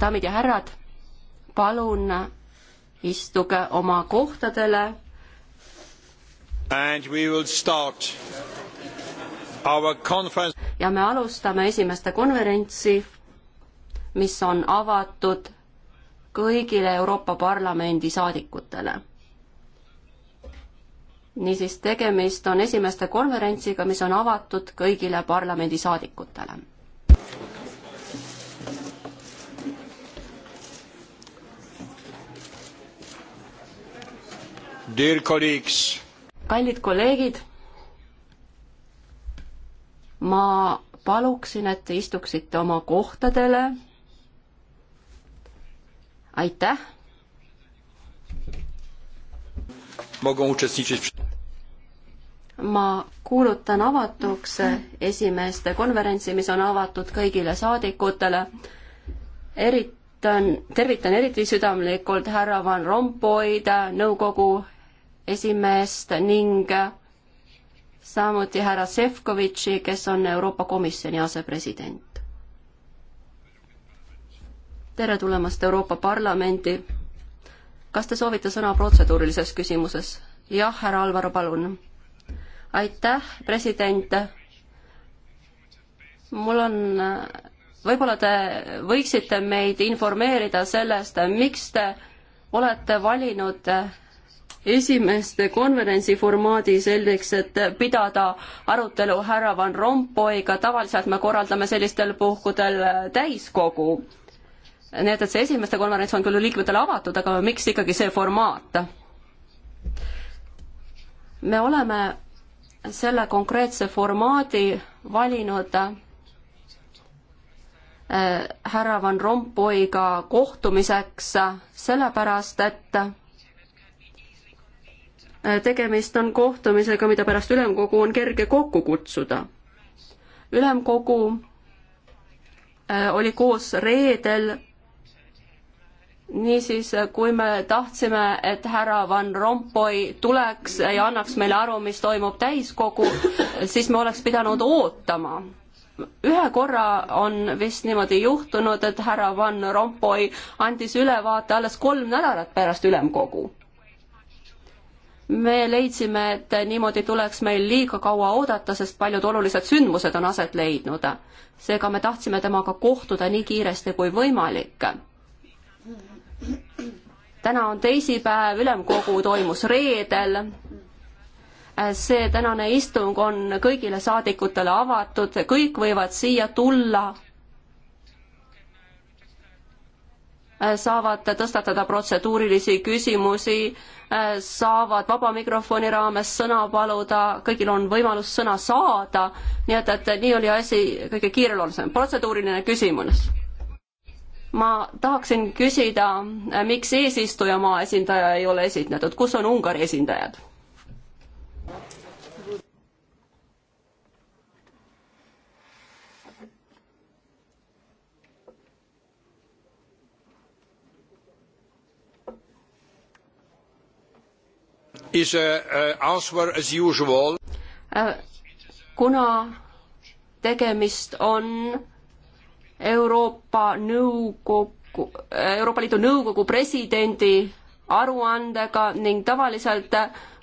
daamid ja härrad, palun istuge oma kohtadele. ja me alustame esimeste konverentsi, mis on avatud kõigile Euroopa Parlamendi saadikutele niisiis, tegemist on esimeste konverentsiga, mis on avatud kõigile parlamendisaadikutele kallid kolleegid, ma paluksin, et te istuksite oma kohtadele. aitäh. ma kuulutan avatuks esimeeste konverentsi, mis on avatud kõigile saadikutele, eriti tervitan, tervitan eriti südamlikult härra Van Rompuyd, nõukogu esimeest ning samuti härra Sefkovitši, kes on Euroopa Komisjoni asepresident. tere tulemast Euroopa Parlamendi. kas te soovite sõna protseduurilises küsimuses? jah, härra Alvar, palun. aitäh, president. mul on võib-olla te võiksite meid informeerida sellest, miks te olete valinud esimeste konverentsi formaadis eeldaks, et pidada arutelu härra Van Rompuyga, tavaliselt me korraldame sellistel puhkudel äh, täiskogu. nii et, et see esimeste konverents on küll liikmetele avatud, aga miks ikkagi see formaat? me oleme selle konkreetse formaadi valinud äh, härra Van Rompuyga kohtumiseks, äh, sellepärast et Äh, tegemist on kohtumisega, mida pärast ülemkogu on kerge kokku kutsuda. ülemkogu äh, oli koos reedel niisiis, äh, kui me tahtsime, et härra Van Rompuy tuleks ja annaks meile aru, mis toimub täiskogu, siis me oleks pidanud ootama. ühe korra on vist niimoodi juhtunud, et härra Van Rompuy andis ülevaate alles kolm nädalat pärast ülemkogu me leidsime, et niimoodi tuleks meil liiga kaua oodata, sest paljud olulised sündmused on aset leidnud. seega me tahtsime temaga kohtuda nii kiiresti kui võimalik. täna on teisipäev, ülemkogu toimus reedel. see tänane istung on kõigile saadikutele avatud, kõik võivad siia tulla Äh, saavad tõstatada protseduurilisi küsimusi, äh, saavad vaba mikrofoni raames sõna paluda, kõigil on võimalus sõna saada, nii et, et nii oli asi kõige kiireloomulisem, protseduuriline küsimus. ma tahaksin küsida, äh, miks eesistujamaa esindaja ei ole esitatud, kus on Ungari esindajad? is a eh, eh, answer as usual. Eh, kuna tegemist on Euroopa Nõukogu, Euroopa Liidu Nõukogu presidendi aruandega ning tavaliselt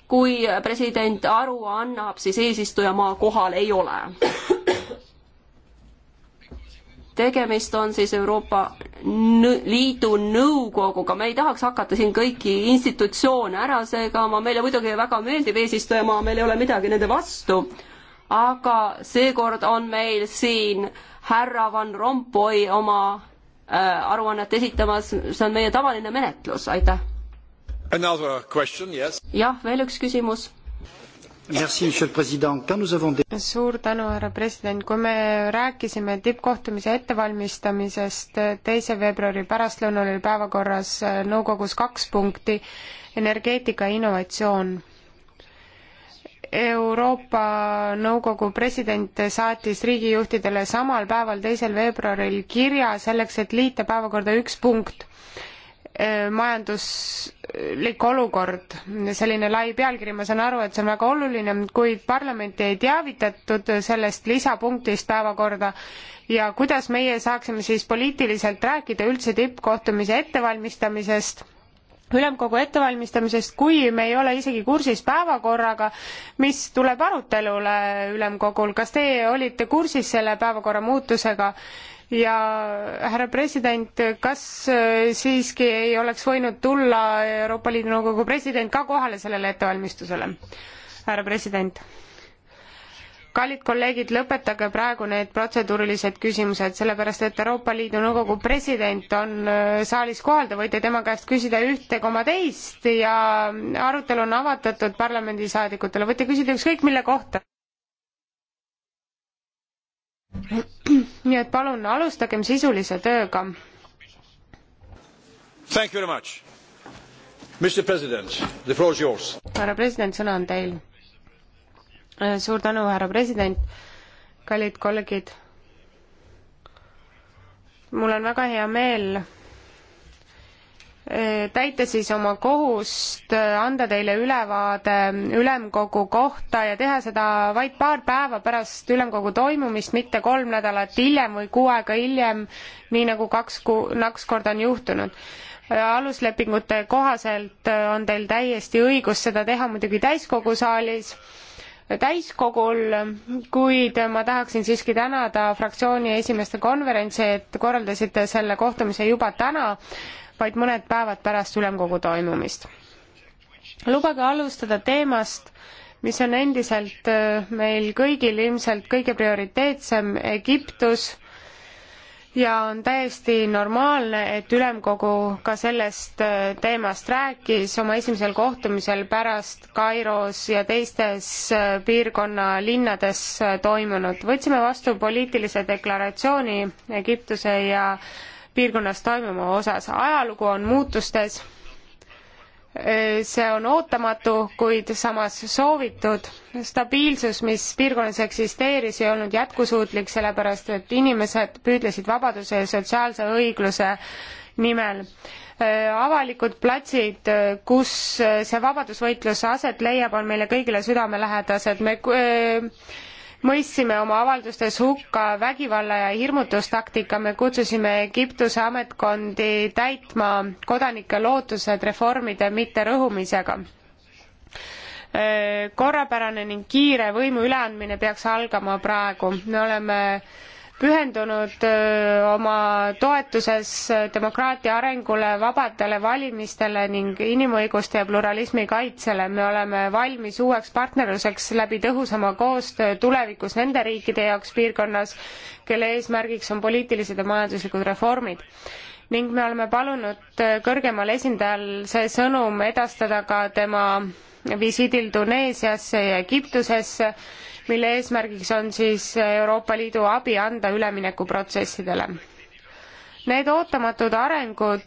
kui president aru annab, siis eesistujamaa kohal ei ole tegemist on siis Euroopa Liidu Nõukoguga, me ei tahaks hakata siin kõiki institutsioone ära segama, meile muidugi väga meeldib eesistujamaa, meil ei ole midagi nende vastu, aga seekord on meil siin härra Van Rompuy oma äh, aruannet esitamas, see on meie tavaline menetlus, aitäh. jah, veel üks küsimus suur tänu, härra president, kui me rääkisime tippkohtumise ettevalmistamisest, teise veebruari pärastlõunal oli päevakorras äh, nõukogus kaks punkti, energeetika ja innovatsioon. Euroopa Nõukogu president saatis riigijuhtidele samal päeval, teisel veebruaril kirja selleks, et liita päevakorda üks punkt Äh, majanduslik olukord, selline lai pealkiri, ma saan aru, et see on väga oluline, kuid parlamenti ei teavitatud sellest lisapunktist päevakorda ja kuidas meie saaksime siis poliitiliselt rääkida üldse tippkohtumise ettevalmistamisest ülemkogu ettevalmistamisest, kui me ei ole isegi kursis päevakorraga, mis tuleb arutelule ülemkogul, kas teie olite kursis selle päevakorra muutusega ja härra president, kas äh, siiski ei oleks võinud tulla Euroopa Liidu Nõukogu president ka kohale sellele ettevalmistusele? härra president. kallid kolleegid, lõpetage praegu need protseduurilised küsimused, sellepärast et Euroopa Liidu Nõukogu president on äh, saalis kohal, te võite tema käest küsida ühte koma teist ja arutelu on avatatud parlamendisaadikutele, võite küsida ükskõik mille kohta nii et palun alustagem sisulise tööga. härra president, sõna on teil. Äh, suur tänu, härra president, kallid kolleegid. mul on väga hea meel täita siis oma kohust, anda teile ülevaade ülemkogu kohta ja teha seda vaid paar päeva pärast ülemkogu toimumist, mitte kolm nädalat hiljem või kuu aega hiljem, nii nagu kaks ku-, kaks korda on juhtunud. aluslepingute kohaselt on teil täiesti õigus seda teha muidugi täiskogu saalis, täiskogul, kuid ma tahaksin siiski tänada fraktsiooni esimeeste konverentsi, et korraldasite selle kohtumise juba täna vaid mõned päevad pärast ülemkogu toimumist. lubage alustada teemast, mis on endiselt äh, meil kõigil ilmselt kõige prioriteetsem, Egiptus, ja on täiesti normaalne, et ülemkogu ka sellest äh, teemast rääkis oma esimesel kohtumisel pärast Kairos ja teistes äh, piirkonna linnades toimunut. võtsime vastu poliitilise deklaratsiooni Egiptuse ja piirkonnas toimuma osas. ajalugu on muutustes, see on ootamatu, kuid samas soovitud. stabiilsus, mis piirkonnas eksisteeris, ei olnud jätkusuutlik, sellepärast et inimesed püüdlesid vabaduse ja sotsiaalse õigluse nimel avalikud platsid, kus see vabadusvõitlus aset leiab, on meile kõigile südamelähedased. me mõistsime oma avaldustes hukka vägivalla ja hirmutustaktika, me kutsusime Egiptuse ametkondi täitma kodanike lootused reformide mitterõhumisega korrapärane ning kiire võimu üleandmine peaks algama praegu. me oleme pühendunud oma toetuses demokraatia arengule, vabadele valimistele ning inimõiguste ja pluralismi kaitsele. me oleme valmis uueks partnerluseks läbi tõhusama koostöö tulevikus nende riikide jaoks piirkonnas, kelle eesmärgiks on poliitilised ja majanduslikud reformid ning me oleme palunud kõrgemal esindajal see sõnum edastada ka tema visiidil Tuneesiasse ja Egiptusesse mille eesmärgiks on siis Euroopa Liidu abi anda üleminekuprotsessidele. Need ootamatud arengud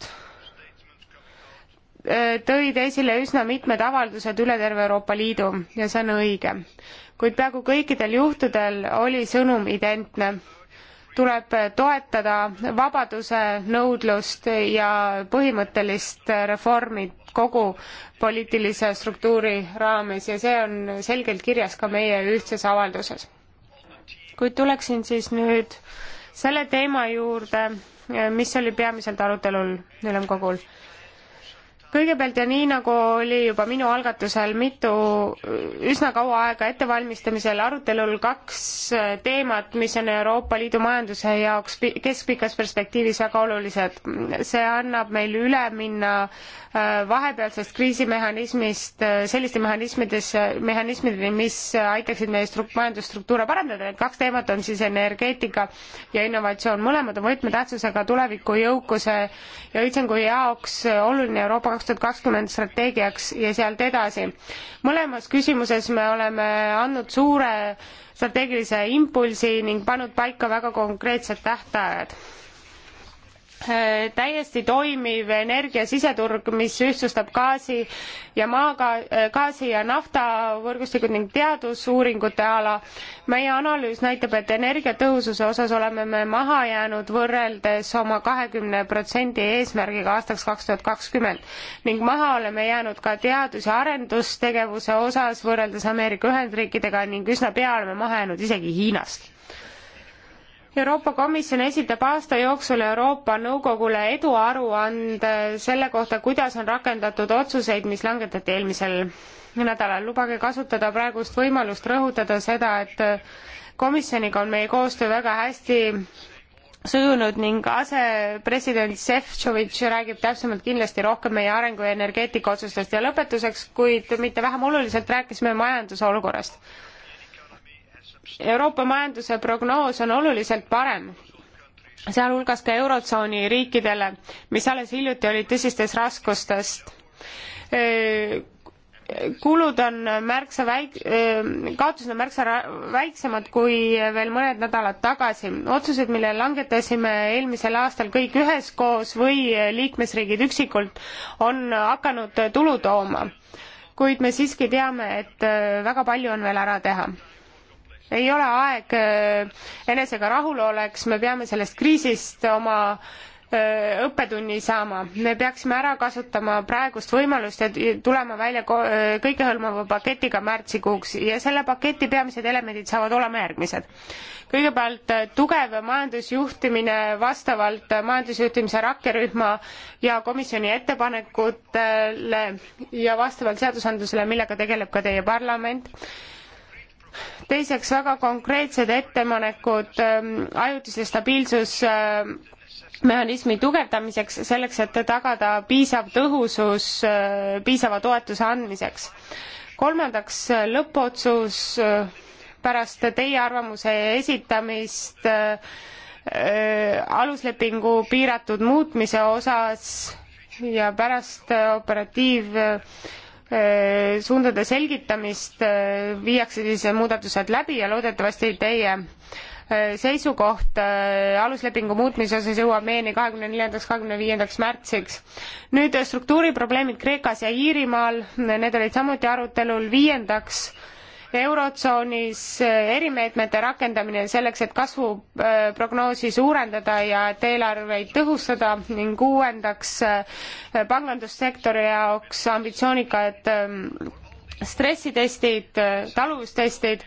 äh, tõid esile üsna mitmed avaldused üle terve Euroopa Liidu ja see on õige. kuid peaaegu kõikidel juhtudel oli sõnum identne. tuleb toetada vabaduse nõudlust ja põhimõttelist reformi kogu poliitilise struktuuri raames ja see on selgelt kirjas ka meie ühtses avalduses. kuid tuleksin siis nüüd selle teema juurde, mis oli peamiselt arutelul ülemkogul kõigepealt ja nii nagu oli juba minu algatusel mitu üsna kaua aega ettevalmistamisel arutelul kaks äh, teemat, mis on Euroopa Liidu majanduse jaoks keskpikas perspektiivis väga olulised. see annab meil üle minna äh, vahepealsest kriisimehhanismist äh, selliste mehhanismides, mehhanismideni, mis aitaksid meie struk-, majandusstruktuure parandada, need kaks teemat on siis energeetika ja innovatsioon, mõlemad on võtmetähtsusega tuleviku jõukuse ja õitsengu jaoks oluline Euroopa kaks tuhat kakskümmend strateegiaks ja sealt edasi. mõlemas küsimuses me oleme andnud suure strateegilise impulsi ning pannud paika väga konkreetsed tähtajad Äh, täiesti toimiv energia siseturg, mis ühtsustab gaasi ja maagaasi, äh, gaasi ja naftavõrgustikud ning teadusuuringute ala. meie analüüs näitab, et energiatõhususe osas oleme me maha jäänud võrreldes oma kahekümne protsendi eesmärgiga aastaks kaks tuhat kakskümmend ning maha oleme jäänud ka teadus- ja arendustegevuse osas võrreldes Ameerika Ühendriikidega ning üsna pea oleme maha jäänud isegi Hiinast Euroopa Komisjon esitab aasta jooksul Euroopa Nõukogule eduaruande selle kohta, kuidas on rakendatud otsuseid, mis langetati eelmisel nädalal. lubage kasutada praegust võimalust rõhutada seda, et komisjoniga on meie koostöö väga hästi sujunud ning asepresident Šefčovitš räägib täpsemalt kindlasti rohkem meie arengu ja energeetika otsustest ja lõpetuseks, kuid mitte vähem oluliselt, rääkisime majanduse olukorrast Euroopa majanduse prognoos on oluliselt parem, sealhulgas ka Eurotsooni riikidele, mis alles hiljuti olid tõsistes raskustest kulud on märksa väik-, kaotused on märksa väiksemad kui veel mõned nädalad tagasi. otsused, mille langetasime eelmisel aastal kõik üheskoos või liikmesriigid üksikult, on hakanud tulu tooma. kuid me siiski teame, et väga palju on veel ära teha ei ole aeg äh, enesega rahul oleks, me peame sellest kriisist oma äh, õppetunni saama. me peaksime ära kasutama praegust võimalust ja tulema välja äh, kõikehõlmava paketiga märtsikuuks ja selle paketi peamised elemendid saavad olema järgmised. kõigepealt tugev majandusjuhtimine vastavalt majandusjuhtimise rakkerühma ja komisjoni ettepanekutele ja vastavalt seadusandlusele, millega tegeleb ka teie parlament teiseks väga konkreetsed ettepanekud ähm, ajutise stabiilsusmehhanismi ähm, tugevdamiseks, selleks et tagada piisav tõhusus äh, piisava toetuse andmiseks. kolmandaks äh, lõppotsus äh, pärast teie arvamuse esitamist äh, aluslepingu piiratud muutmise osas ja pärast operatiiv äh, Äh, suundade selgitamist äh, viiakse siis muudatused läbi ja loodetavasti teie äh, seisukoht aluslepingu muutmise osas jõuab meieni kahekümne neljandaks, kahekümne viiendaks märtsiks. nüüd struktuuriprobleemid Kreekas ja Iirimaal, need olid samuti arutelul viiendaks Eurotsoonis erimeetmete rakendamine selleks, et kasvuprognoosi suurendada ja et eelarveid tõhustada ning uuendaks äh, pangandussektori jaoks ambitsioonikad ähm, stressitestid, äh, taluvustestid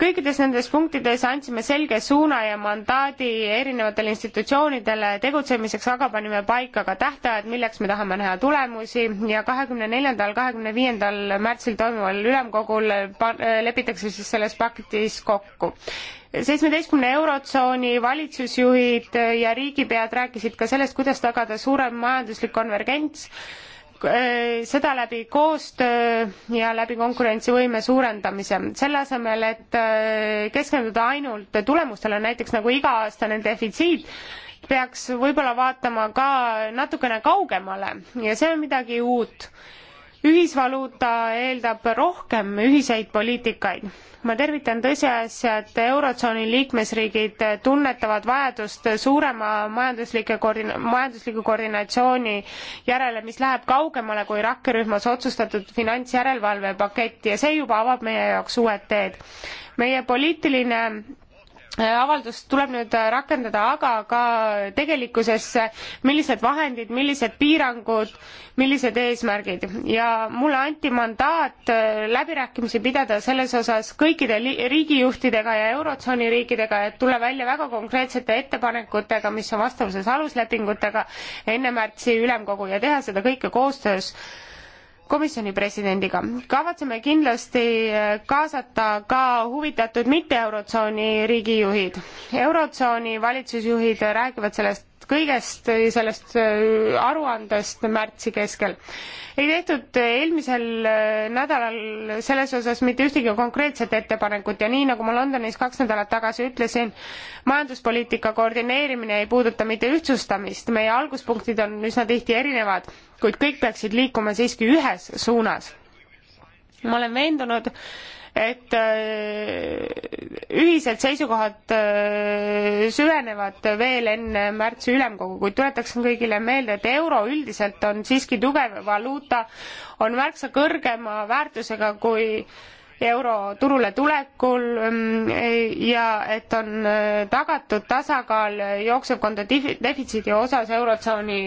kõikides nendes punktides andsime selge suuna ja mandaadi erinevatele institutsioonidele tegutsemiseks, aga panime paika ka tähtajad, milleks me tahame näha tulemusi ja kahekümne neljandal, kahekümne viiendal märtsil toimuval ülemkogul lepitakse siis selles paketis kokku. seitsmeteistkümne eurotsooni valitsusjuhid ja riigipead rääkisid ka sellest, kuidas tagada suurem majanduslik konvergents Äh, seda läbi koostöö ja läbi konkurentsivõime suurendamise. selle asemel, et äh, keskenduda ainult tulemustele, näiteks nagu iga-aastane defitsiit, peaks võib-olla vaatama ka natukene kaugemale ja see on midagi uut ühisvaluuta eeldab rohkem ühiseid poliitikaid. ma tervitan tõsiasja, et Eurotsooni liikmesriigid tunnetavad vajadust suurema majanduslike koordina-, majandusliku koordinatsiooni järele, mis läheb kaugemale kui rakkerühmas otsustatud finantsjärelevalvepakett ja see juba avab meie jaoks uued teed. meie poliitiline Äh, avaldust tuleb nüüd äh, rakendada, aga ka tegelikkusesse, millised vahendid, millised piirangud, millised eesmärgid ja mulle anti mandaat äh, läbirääkimisi pidada selles osas kõikide riigijuhtidega ja Eurotsooni riikidega, et tulla välja väga konkreetsete ettepanekutega, mis on vastavuses aluslepingutega enne märtsi ülemkogu ja teha seda kõike koostöös äh, komisjoni presidendiga. kavatseme kindlasti äh, kaasata ka huvitatud mitte Eurotsooni riigijuhid. Eurotsooni valitsusjuhid räägivad sellest kõigest äh, sellest äh, aruandest märtsi keskel. ei tehtud äh, eelmisel nädalal selles osas mitte ühtegi konkreetset ettepanekut ja nii, nagu ma Londonis kaks nädalat tagasi ütlesin, majanduspoliitika koordineerimine ei puuduta mitte ühtsustamist, meie alguspunktid on üsna tihti erinevad, kuid kõik peaksid liikuma siiski ühes suunas. ma olen veendunud, et äh, ühised seisukohad äh, süvenevad veel enne märtsi ülemkogu, kuid tuletaksin kõigile meelde, et euro üldiselt on siiski tugev valuuta, on märksa kõrgema väärtusega kui euro turule tulekul mm, ja et on äh, tagatud tasakaal jooksevkonda defitsiidi osas eurotsooni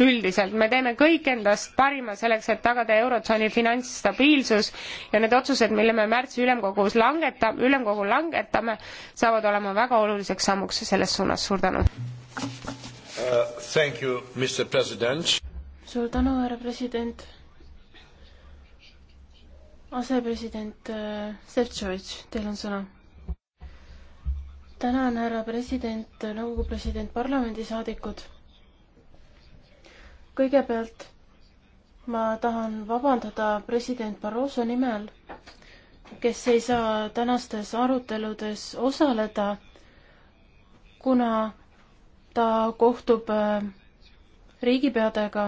üldiselt, me teeme kõik endast parima selleks, et tagada Eurotsooni finantsstabiilsus ja need otsused, mille me märtsi ülemkogus langeta-, ülemkogul langetame, saavad olema väga oluliseks sammuks selles suunas, suur tänu uh,! suur tänu, härra president! asepresident Šefčovitš, uh, teil on sõna. tänan, härra president, nõukogu president, parlamendisaadikud kõigepealt ma tahan vabandada president Barroso nimel, kes ei saa tänastes aruteludes osaleda, kuna ta kohtub äh, riigipeadega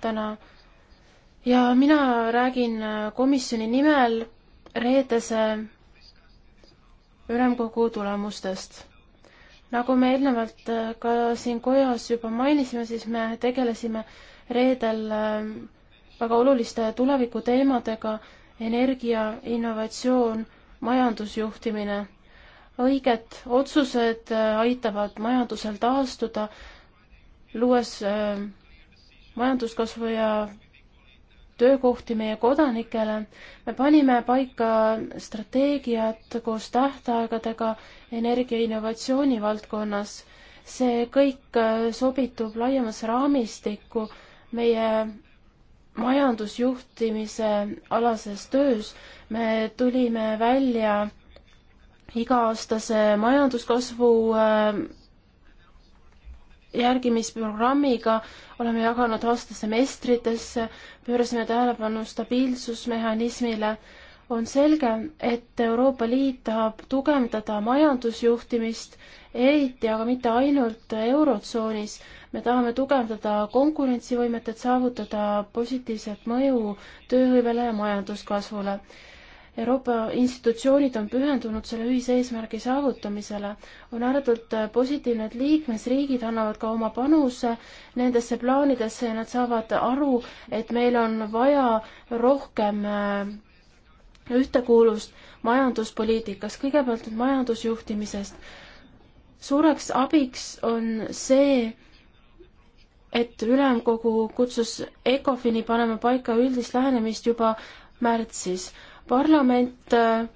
täna ja mina räägin äh, komisjoni nimel reedese ülemkogu tulemustest nagu me eelnevalt äh, ka siin kojas juba mainisime, siis me tegelesime reedel äh, väga oluliste tulevikuteemadega energia, innovatsioon, majandusjuhtimine. õiged otsused äh, aitavad majandusel taastuda, luues majanduskasvu ja töökohti meie kodanikele. me panime paika strateegiad koos tähtaegadega energia innovatsiooni valdkonnas. see kõik äh, sobitub laiemasse raamistikku meie majandusjuhtimise alases töös. me tulime välja iga-aastase majanduskasvu äh, järgimisprogrammiga, oleme jaganud aasta semestritesse, pöörasime tähelepanu stabiilsusmehhanismile, on selge, et Euroopa Liit tahab tugevdada majandusjuhtimist, eriti aga mitte ainult Eurotsoonis. me tahame tugevdada konkurentsivõimet, et saavutada positiivset mõju tööhõivele ja majanduskasvule. Euroopa institutsioonid on pühendunud selle ühise eesmärgi saavutamisele. on ääretult positiivne, et liikmesriigid annavad ka oma panuse nendesse plaanidesse ja nad saavad aru, et meil on vaja rohkem äh, ühtekuuluvust majanduspoliitikas, kõigepealt nüüd majandusjuhtimisest. suureks abiks on see, et ülemkogu kutsus ECOFIN-i panema paika üldist lähenemist juba märtsis parlament äh,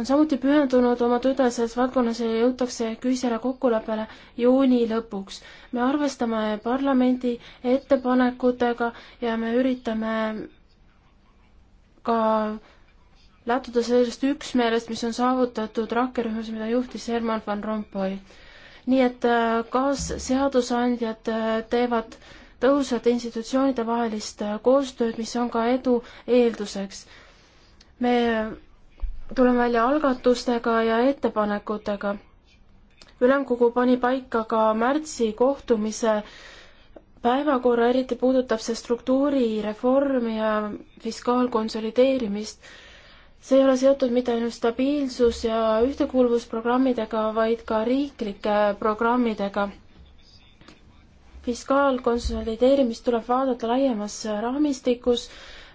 on samuti pühendunud oma tööle selles valdkonnas ja jõutakse ühisele kokkuleppele juuni lõpuks. me arvestame parlamendi ettepanekutega ja me üritame ka lähtuda sellest üksmeelest, mis on saavutatud rakkerühmas, mida juhtis Herman Van Rompuy. nii et äh, kaasseadusandjad äh, teevad äh, tõhusat institutsioonide vahelist äh, koostööd, mis on ka edu eelduseks. me tuleme välja algatustega ja ettepanekutega. ülemkogu pani paika ka märtsi kohtumise päevakorra, eriti puudutab see struktuurireformi ja fiskaalkonsolideerimist see ei ole seotud mitte ainult stabiilsus ja ühtekuuluvusprogrammidega, vaid ka riiklike programmidega fiskaalkonsolideerimist tuleb vaadata laiemas raamistikus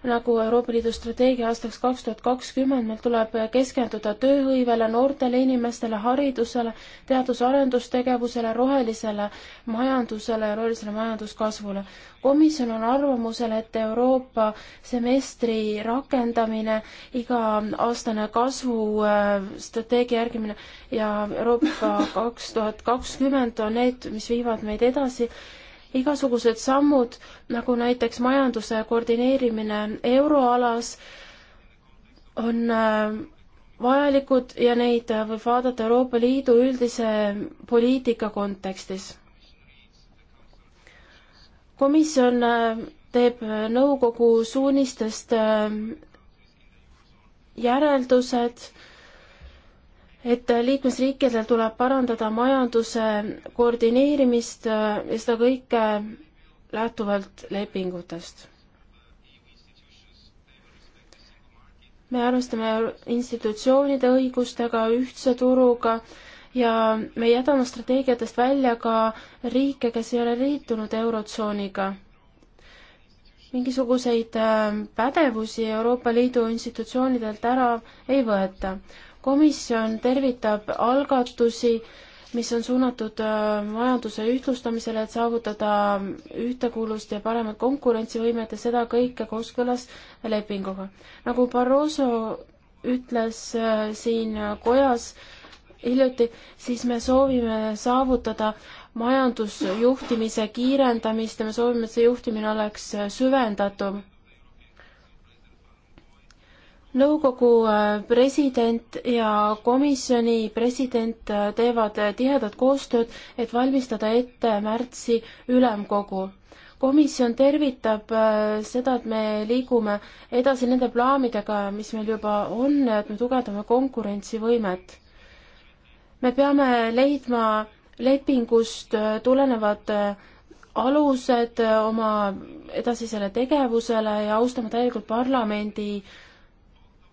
nagu Euroopa Liidu strateegia aastaks kaks tuhat kakskümmend, meil tuleb keskenduda tööhõivele, noortele inimestele, haridusele, teadus-arendustegevusele, rohelisele majandusele ja rohelisele majanduskasvule. komisjon on arvamusel, et Euroopa semestri rakendamine, iga-aastane kasvustrateegia äh, järgimine ja Euroopa kaks tuhat kakskümmend on need, mis viivad meid edasi igasugused sammud, nagu näiteks majanduse koordineerimine euroalas, on äh, vajalikud ja neid äh, võib vaadata Euroopa Liidu üldise poliitika kontekstis. komisjon äh, teeb nõukogu suunistest järeldused et liikmesriikidel tuleb parandada majanduse koordineerimist ja seda kõike lähtuvalt lepingutest. me arvestame institutsioonide õigustega, ühtse turuga ja me jätame strateegiatest välja ka riike, kes ei ole liitunud Eurotsooniga. mingisuguseid äh, pädevusi Euroopa Liidu institutsioonidelt ära ei võeta komisjon tervitab algatusi, mis on suunatud äh, majanduse ühtlustamisele, et saavutada ühtekuuluvust ja paremat konkurentsivõimet ja seda kõike kooskõlas lepinguga. nagu Barroso ütles äh, siin kojas hiljuti, siis me soovime saavutada majandusjuhtimise kiirendamist ja me soovime, et see juhtimine oleks süvendatum nõukogu äh, president ja komisjoni president äh, teevad äh, tihedat koostööd, et valmistada ette märtsi ülemkogu. komisjon tervitab seda, et me liigume edasi nende plaanidega, mis meil juba on, et me tugevdame konkurentsivõimet. me peame leidma lepingust tulenevad alused oma edasisele tegevusele ja austama täielikult parlamendi äh,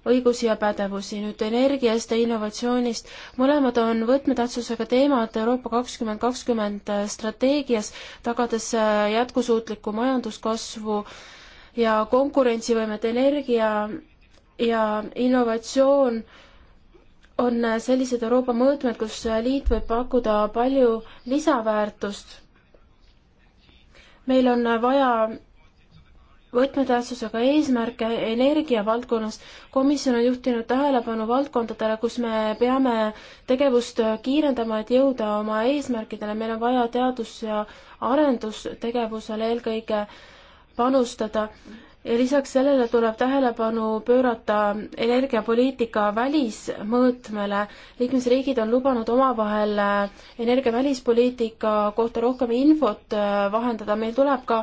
õigusi ja pädevusi. nüüd energiast ja innovatsioonist, mõlemad on võtmetähtsusega teemad Euroopa kakskümmend kakskümmend strateegias, tagades äh, jätkusuutlikku majanduskasvu ja konkurentsivõimet energia ja innovatsioon on äh, sellised Euroopa mõõtmed, kus äh, liit võib pakkuda palju lisaväärtust. meil on vaja võtmetähtsusega eesmärke energiavaldkonnas. komisjon on juhtinud tähelepanu valdkondadele, kus me peame tegevust kiirendama, et jõuda oma eesmärkidele. meil on vaja teadus- ja arendustegevusele eelkõige panustada ja lisaks sellele tuleb tähelepanu pöörata energiapoliitika välismõõtmele. liikmesriigid on lubanud omavahel äh, energia välispoliitika kohta rohkem infot äh, vahendada, meil tuleb ka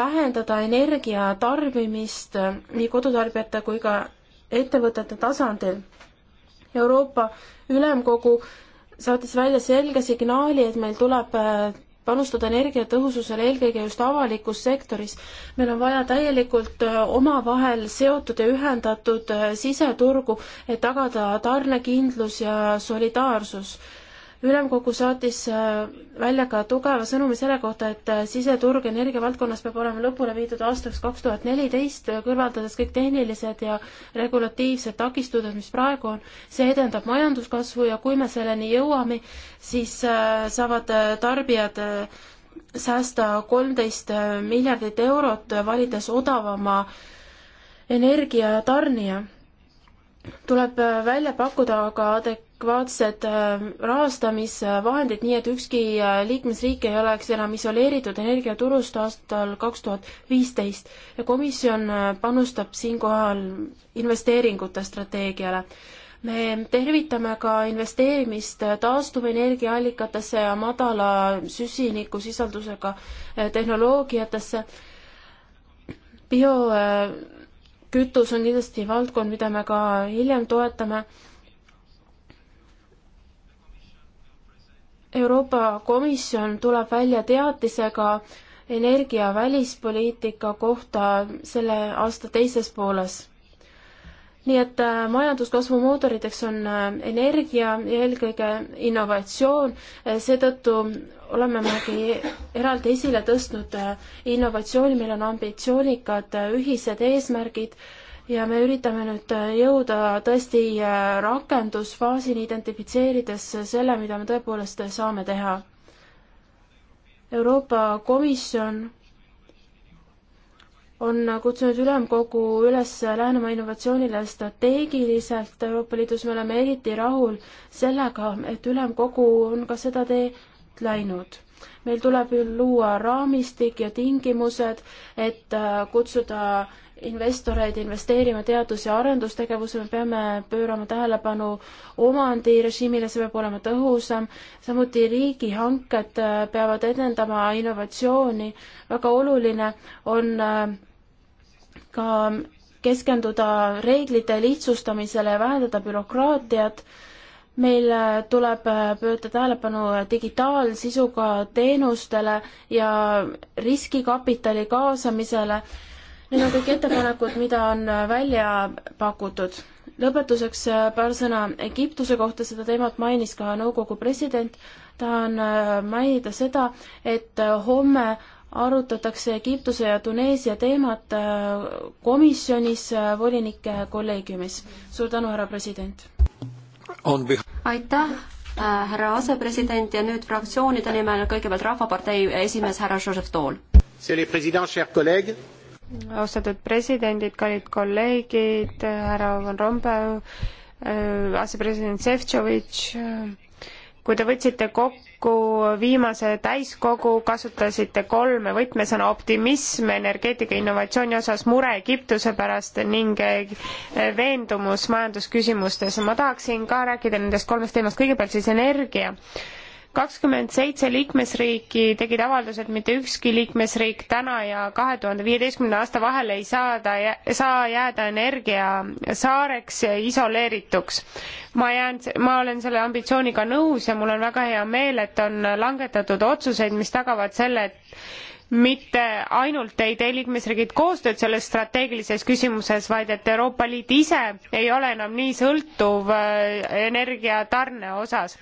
vähendada energia tarbimist äh, nii kodutarbijate kui ka ettevõtete tasandil. Euroopa Ülemkogu saatis välja selge signaali, et meil tuleb panustada energiatõhususele eelkõige just avalikus sektoris. meil on vaja täielikult äh, omavahel seotud ja ühendatud äh, siseturgu, et tagada tarnekindlus ja solidaarsus ülemkogu saatis äh, välja ka tugeva sõnumi selle kohta, et äh, siseturg energia valdkonnas peab olema lõpule viidud aastaks kaks tuhat neliteist, kõrvaldades kõik tehnilised ja regulatiivsed takistused, mis praegu on. see edendab majanduskasvu ja kui me selleni jõuame, siis äh, saavad tarbijad säästa kolmteist miljardit eurot, valides odavama energiatarnija tuleb välja pakkuda ka adek-, adekvaatsed äh, rahastamisvahendid, nii et ükski äh, liikmesriik ei oleks enam isoleeritud energiaturust aastal kaks tuhat viisteist ja komisjon äh, panustab siinkohal investeeringute strateegiale. me tervitame ka investeerimist taastuvenergiaallikatesse ja madala süsinikusisaldusega tehnoloogiatesse. bio kütus on kindlasti valdkond, mida me ka hiljem toetame Euroopa Komisjon tuleb välja teatisega energia välispoliitika kohta selle aasta teises pooles. nii et äh, majanduskasvu mootoriteks on äh, energia ja eelkõige innovatsioon, äh, seetõttu oleme megi e-, eraldi esile tõstnud innovatsiooni, meil on ambitsioonikad ühised eesmärgid ja me üritame nüüd äh, jõuda tõesti äh, rakendusfaasini, identifitseerides selle, mida me tõepoolest saame teha. Euroopa Komisjon on kutsunud ülemkogu üles läänema innovatsioonile strateegiliselt Euroopa Liidus, me oleme eriti rahul sellega, et ülemkogu on ka seda teed läinud. meil tuleb ju luua raamistik ja tingimused, et äh, kutsuda investoreid investeerima teadus- ja arendustegevuse, me peame pöörama tähelepanu omandirežiimile, see peab olema tõhusam, samuti riigihanked äh, peavad edendama innovatsiooni, väga oluline on äh, ka keskenduda reeglite lihtsustamisele ja vähendada bürokraatiat, meil äh, tuleb pöörata tähelepanu digitaalsisuga teenustele ja riskikapitali kaasamisele Need on kõik ettepanekud, mida on välja pakutud. lõpetuseks äh, paar sõna Egiptuse kohta, seda teemat mainis ka nõukogu president. tahan äh, mainida seda, et äh, homme arutatakse Egiptuse ja Tuneesia teemat komisjonis volinike kolleegiumis. suur tänu, härra president! aitäh, härra asepresident ja nüüd fraktsioonide nimel kõigepealt Rahvapartei esimees härra Joseph Tool austatud presidendid, kallid kolleegid, härra Van Rompuy, äh, asepresident Šefčovitš, äh, kui te võtsite kokku viimase täiskogu, kasutasite kolme võtmesõna optimism energeetika innovatsiooni osas, mure Egiptuse pärast ning äh, veendumus majandusküsimustes. ma tahaksin ka rääkida nendest kolmest teemast, kõigepealt siis energia kakskümmend seitse liikmesriiki tegid avalduse, et mitte ükski liikmesriik täna ja kahe tuhande viieteistkümnenda aasta vahel ei saada, saa jääda energiasaareks isoleerituks. ma jään, ma olen selle ambitsiooniga nõus ja mul on väga hea meel, et on langetatud otsuseid, mis tagavad selle, et mitte ainult ei tee liikmesriigid koostööd selles strateegilises küsimuses, vaid et Euroopa Liit ise ei ole enam nii sõltuv äh, energiatarne osas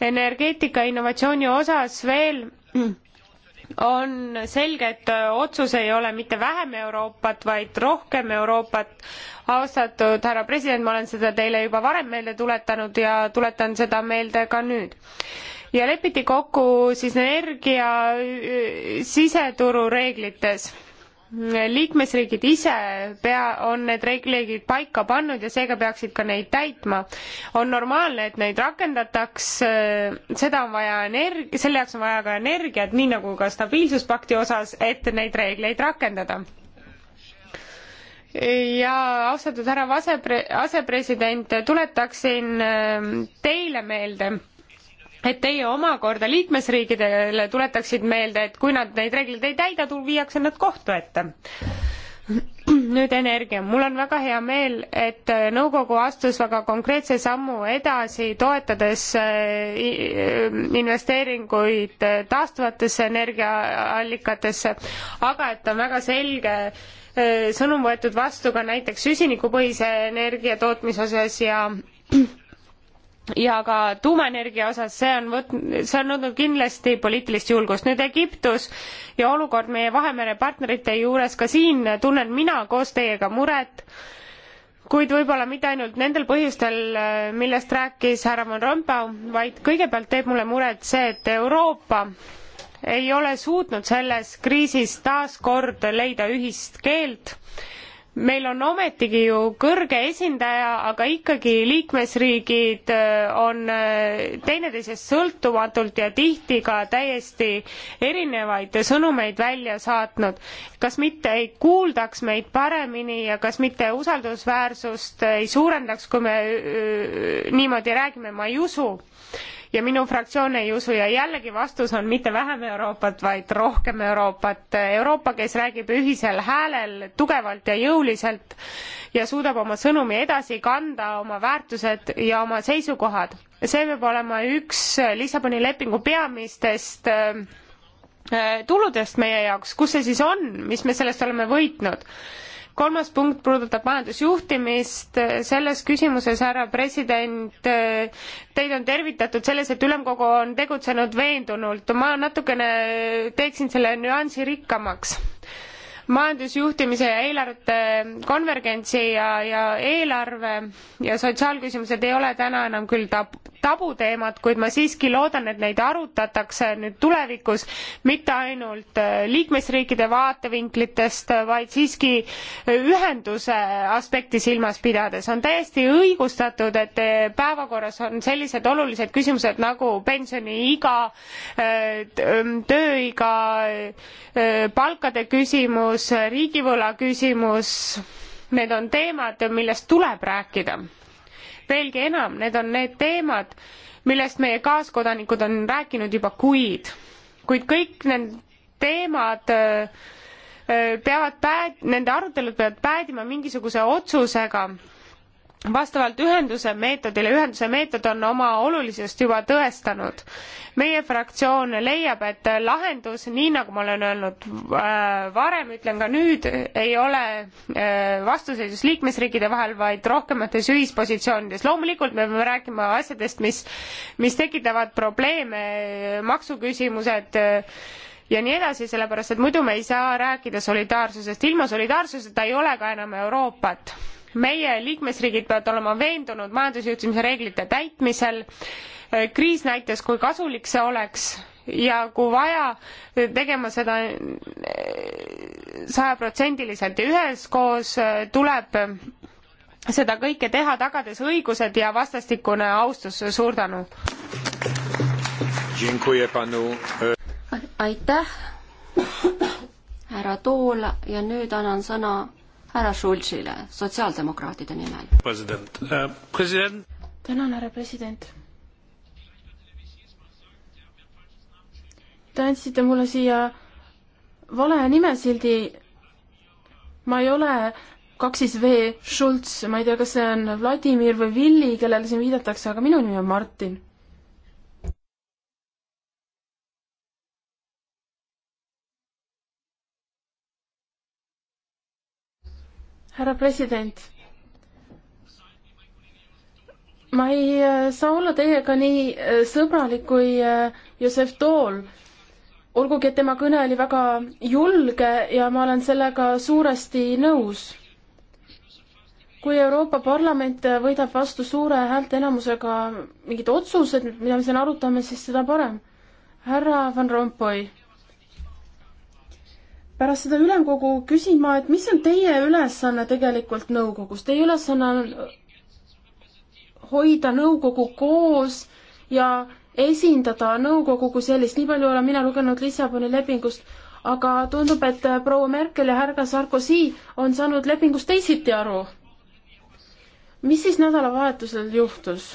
energeetika innovatsiooni osas veel on selge, et otsus ei ole mitte vähem Euroopat, vaid rohkem Euroopat. austatud härra president, ma olen seda teile juba varem meelde tuletanud ja tuletan seda meelde ka nüüd ja lepiti kokku siis energia äh, siseturu reeglites liikmesriigid ise pea, on need reegleid paika pannud ja seega peaksid ka neid täitma. on normaalne, et neid rakendataks, seda on vaja energ-, selle jaoks on vaja ka energiat, nii nagu ka stabiilsuspakti osas, et neid reegleid rakendada. ja austatud härra asepre-, asepresident, tuletaksin ähm, teile meelde et teie omakorda liikmesriikidele tuletaksid meelde, et kui nad neid reegleid ei täida, viiakse nad kohtu ette nüüd energia. mul on väga hea meel, et nõukogu astus väga konkreetse sammu edasi, toetades äh, äh, investeeringuid taastuvatesse energiaallikatesse, aga et on väga selge äh, sõnum võetud vastu ka näiteks süsinikupõhise energia tootmise osas ja ja ka tuumaenergia osas, see on võt-, see on olnud kindlasti poliitilist julgust. nüüd Egiptus ja olukord meie Vahemere partnerite juures, ka siin tunnen mina koos teiega muret, kuid võib-olla mitte ainult nendel põhjustel, millest rääkis härra Van Rompuy, vaid kõigepealt teeb mulle muret see, et Euroopa ei ole suutnud selles kriisis taas kord leida ühist keelt meil on ometigi ju kõrge esindaja, aga ikkagi liikmesriigid äh, on äh, teineteisest sõltumatult ja tihti ka täiesti erinevaid sõnumeid välja saatnud. kas mitte ei kuuldaks meid paremini ja kas mitte usaldusväärsust ei suurendaks, kui me äh, niimoodi räägime, ma ei usu ja minu fraktsioon ei usu ja jällegi vastus on mitte vähem Euroopat, vaid rohkem Euroopat. Euroopa, kes räägib ühisel häälel tugevalt ja jõuliselt ja suudab oma sõnumi edasi kanda, oma väärtused ja oma seisukohad. see peab olema üks Lissaboni lepingu peamistest äh, tuludest meie jaoks, kus see siis on, mis me sellest oleme võitnud kolmas punkt puudutab majandusjuhtimist, selles küsimuses, härra president, teid on tervitatud selles, et ülemkogu on tegutsenud veendunult, ma natukene teeksin selle nüansi rikkamaks majandusjuhtimise ja eelarvete konvergentsi ja, ja eelarve ja sotsiaalküsimused ei ole täna enam küll tab-, tabuteemad, kuid ma siiski loodan, et neid arutatakse nüüd tulevikus mitte ainult äh, liikmesriikide vaatevinklitest, vaid siiski ühenduse aspekti silmas pidades. on täiesti õigustatud, et äh, päevakorras on sellised olulised küsimused nagu pensioniiga, äh, tööiga, palkade küsimus, küsimus, riigivõla küsimus, need on teemad, millest tuleb rääkida. veelgi enam, need on need teemad, millest meie kaaskodanikud on rääkinud juba kuid, kuid kõik need teemad äh, äh, peavad päät-, nende arutelud peavad päädima mingisuguse otsusega vastavalt ühenduse meetodile, ühenduse meetod on oma olulisust juba tõestanud. meie fraktsioon leiab, et lahendus, nii nagu ma olen öelnud äh, varem, ütlen ka nüüd, ei ole äh, vastuseisus liikmesriikide vahel, vaid rohkemates ühispositsioonides. loomulikult me peame rääkima asjadest, mis, mis tekitavad probleeme, maksuküsimused, äh, ja nii edasi, sellepärast et muidu me ei saa rääkida solidaarsusest. ilma solidaarsuseta ei ole ka enam Euroopat meie liikmesriigid peavad olema veendunud majandusjuhtimise reeglite täitmisel. kriis näitas, kui kasulik see oleks ja kui vaja, tegema seda sajaprotsendiliselt ja üheskoos tuleb seda kõike teha, tagades õigused ja vastastikune austus. suur tänu! E, aitäh, härra Tool ja nüüd annan sõna härra Schulzile sotsiaaldemokraatide nimel. president äh,, president. tänan, härra president. Te andsite mulle siia vale nimesildi. ma ei ole kaks siis V Schulz, ma ei tea, kas see on Vladimir või Willie, kellele siin viidatakse, aga minu nimi on Martin härra president, ma ei äh, saa olla teiega nii äh, sõbralik kui äh, Josef Tool, olgugi et tema kõne oli väga julge ja ma olen sellega suuresti nõus kui Euroopa Parlament võidab vastu suure häälteenamusega mingid otsused, mida me siin arutame, siis seda parem. härra Van Rompuy pärast seda ülemkogu küsin ma, et mis on teie ülesanne tegelikult nõukogus, teie ülesanne on hoida nõukogu koos ja esindada nõukogu kui sellist, nii palju olen mina lugenud Lissaboni lepingust, aga tundub, et proua Merkel ja härra Sarkozy on saanud lepingust teisiti aru. mis siis nädalavahetusel juhtus?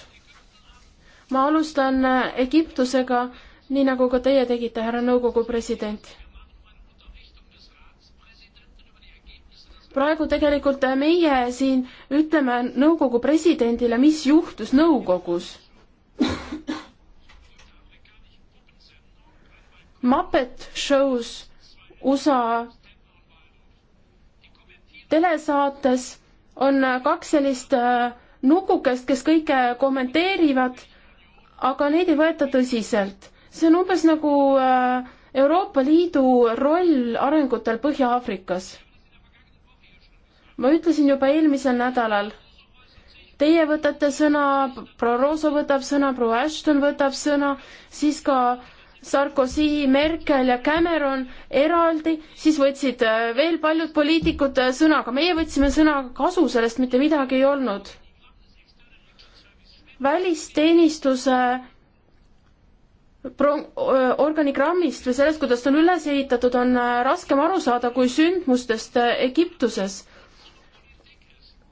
ma alustan Egiptusega, nii nagu ka teie tegite, härra nõukogu president praegu tegelikult meie siin ütleme nõukogu presidendile, mis juhtus nõukogus Muppet Shows USA telesaates on kaks sellist äh, nukukest, kes kõike kommenteerivad, aga neid ei võeta tõsiselt. see on umbes nagu äh, Euroopa Liidu roll arengutel Põhja-Aafrikas ma ütlesin juba eelmisel nädalal, teie võtate sõna, Barroso võtab sõna, proua Ashton võtab sõna, siis ka Sarkozy, Merkel ja Cameron eraldi, siis võtsid äh, veel paljud poliitikud äh, sõna, aga meie võtsime sõna, kasu sellest mitte midagi ei olnud. välisteenistuse pro-, äh, organigrammist või sellest, kuidas ta on üles ehitatud, on raskem aru saada kui sündmustest Egiptuses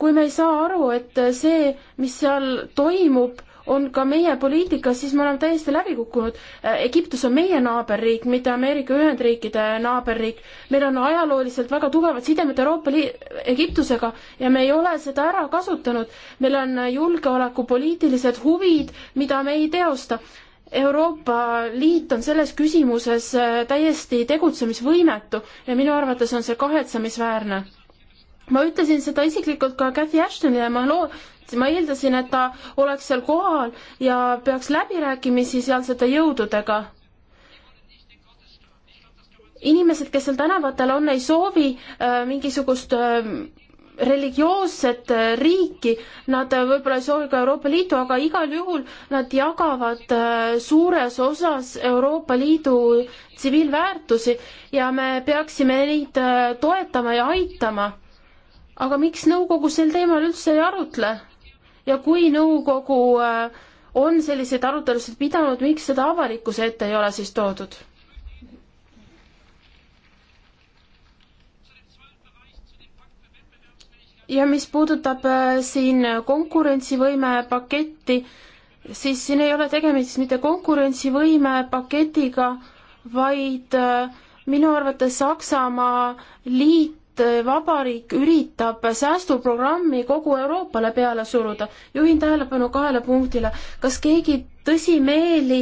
kui me ei saa aru, et see, mis seal toimub, on ka meie poliitikas, siis me oleme täiesti läbi kukkunud. Egiptus on meie naaberriik, mitte Ameerika Ühendriikide naaberriik. meil on ajalooliselt väga tugevad sidemed Euroopa Liidu, Egiptusega ja me ei ole seda ära kasutanud. meil on julgeolekupoliitilised huvid, mida me ei teosta. Euroopa Liit on selles küsimuses täiesti tegutsemisvõimetu ja minu arvates on see kahetsemisväärne ma ütlesin seda isiklikult ka Cathy Ashtonile, ma loo-, ma eeldasin, et ta oleks seal kohal ja peaks läbirääkimisi sealsete jõududega. inimesed, kes seal tänavatel on, ei soovi äh, mingisugust äh, religioosset äh, riiki, nad äh, võib-olla ei soovi ka Euroopa Liitu, aga igal juhul nad jagavad äh, suures osas Euroopa Liidu tsiviilväärtusi ja me peaksime neid äh, toetama ja aitama aga miks nõukogu sel teemal üldse ei arutle? ja kui nõukogu äh, on selliseid arutelusid pidanud, miks seda avalikkuse ette ei ole siis toodud? ja mis puudutab äh, siin konkurentsivõime paketti, siis siin ei ole tegemist mitte konkurentsivõime paketiga, vaid äh, minu arvates Saksamaa liit et vabariik üritab säästuprogrammi kogu Euroopale peale suruda. juhin tähelepanu kahele punktile. kas keegi tõsimeeli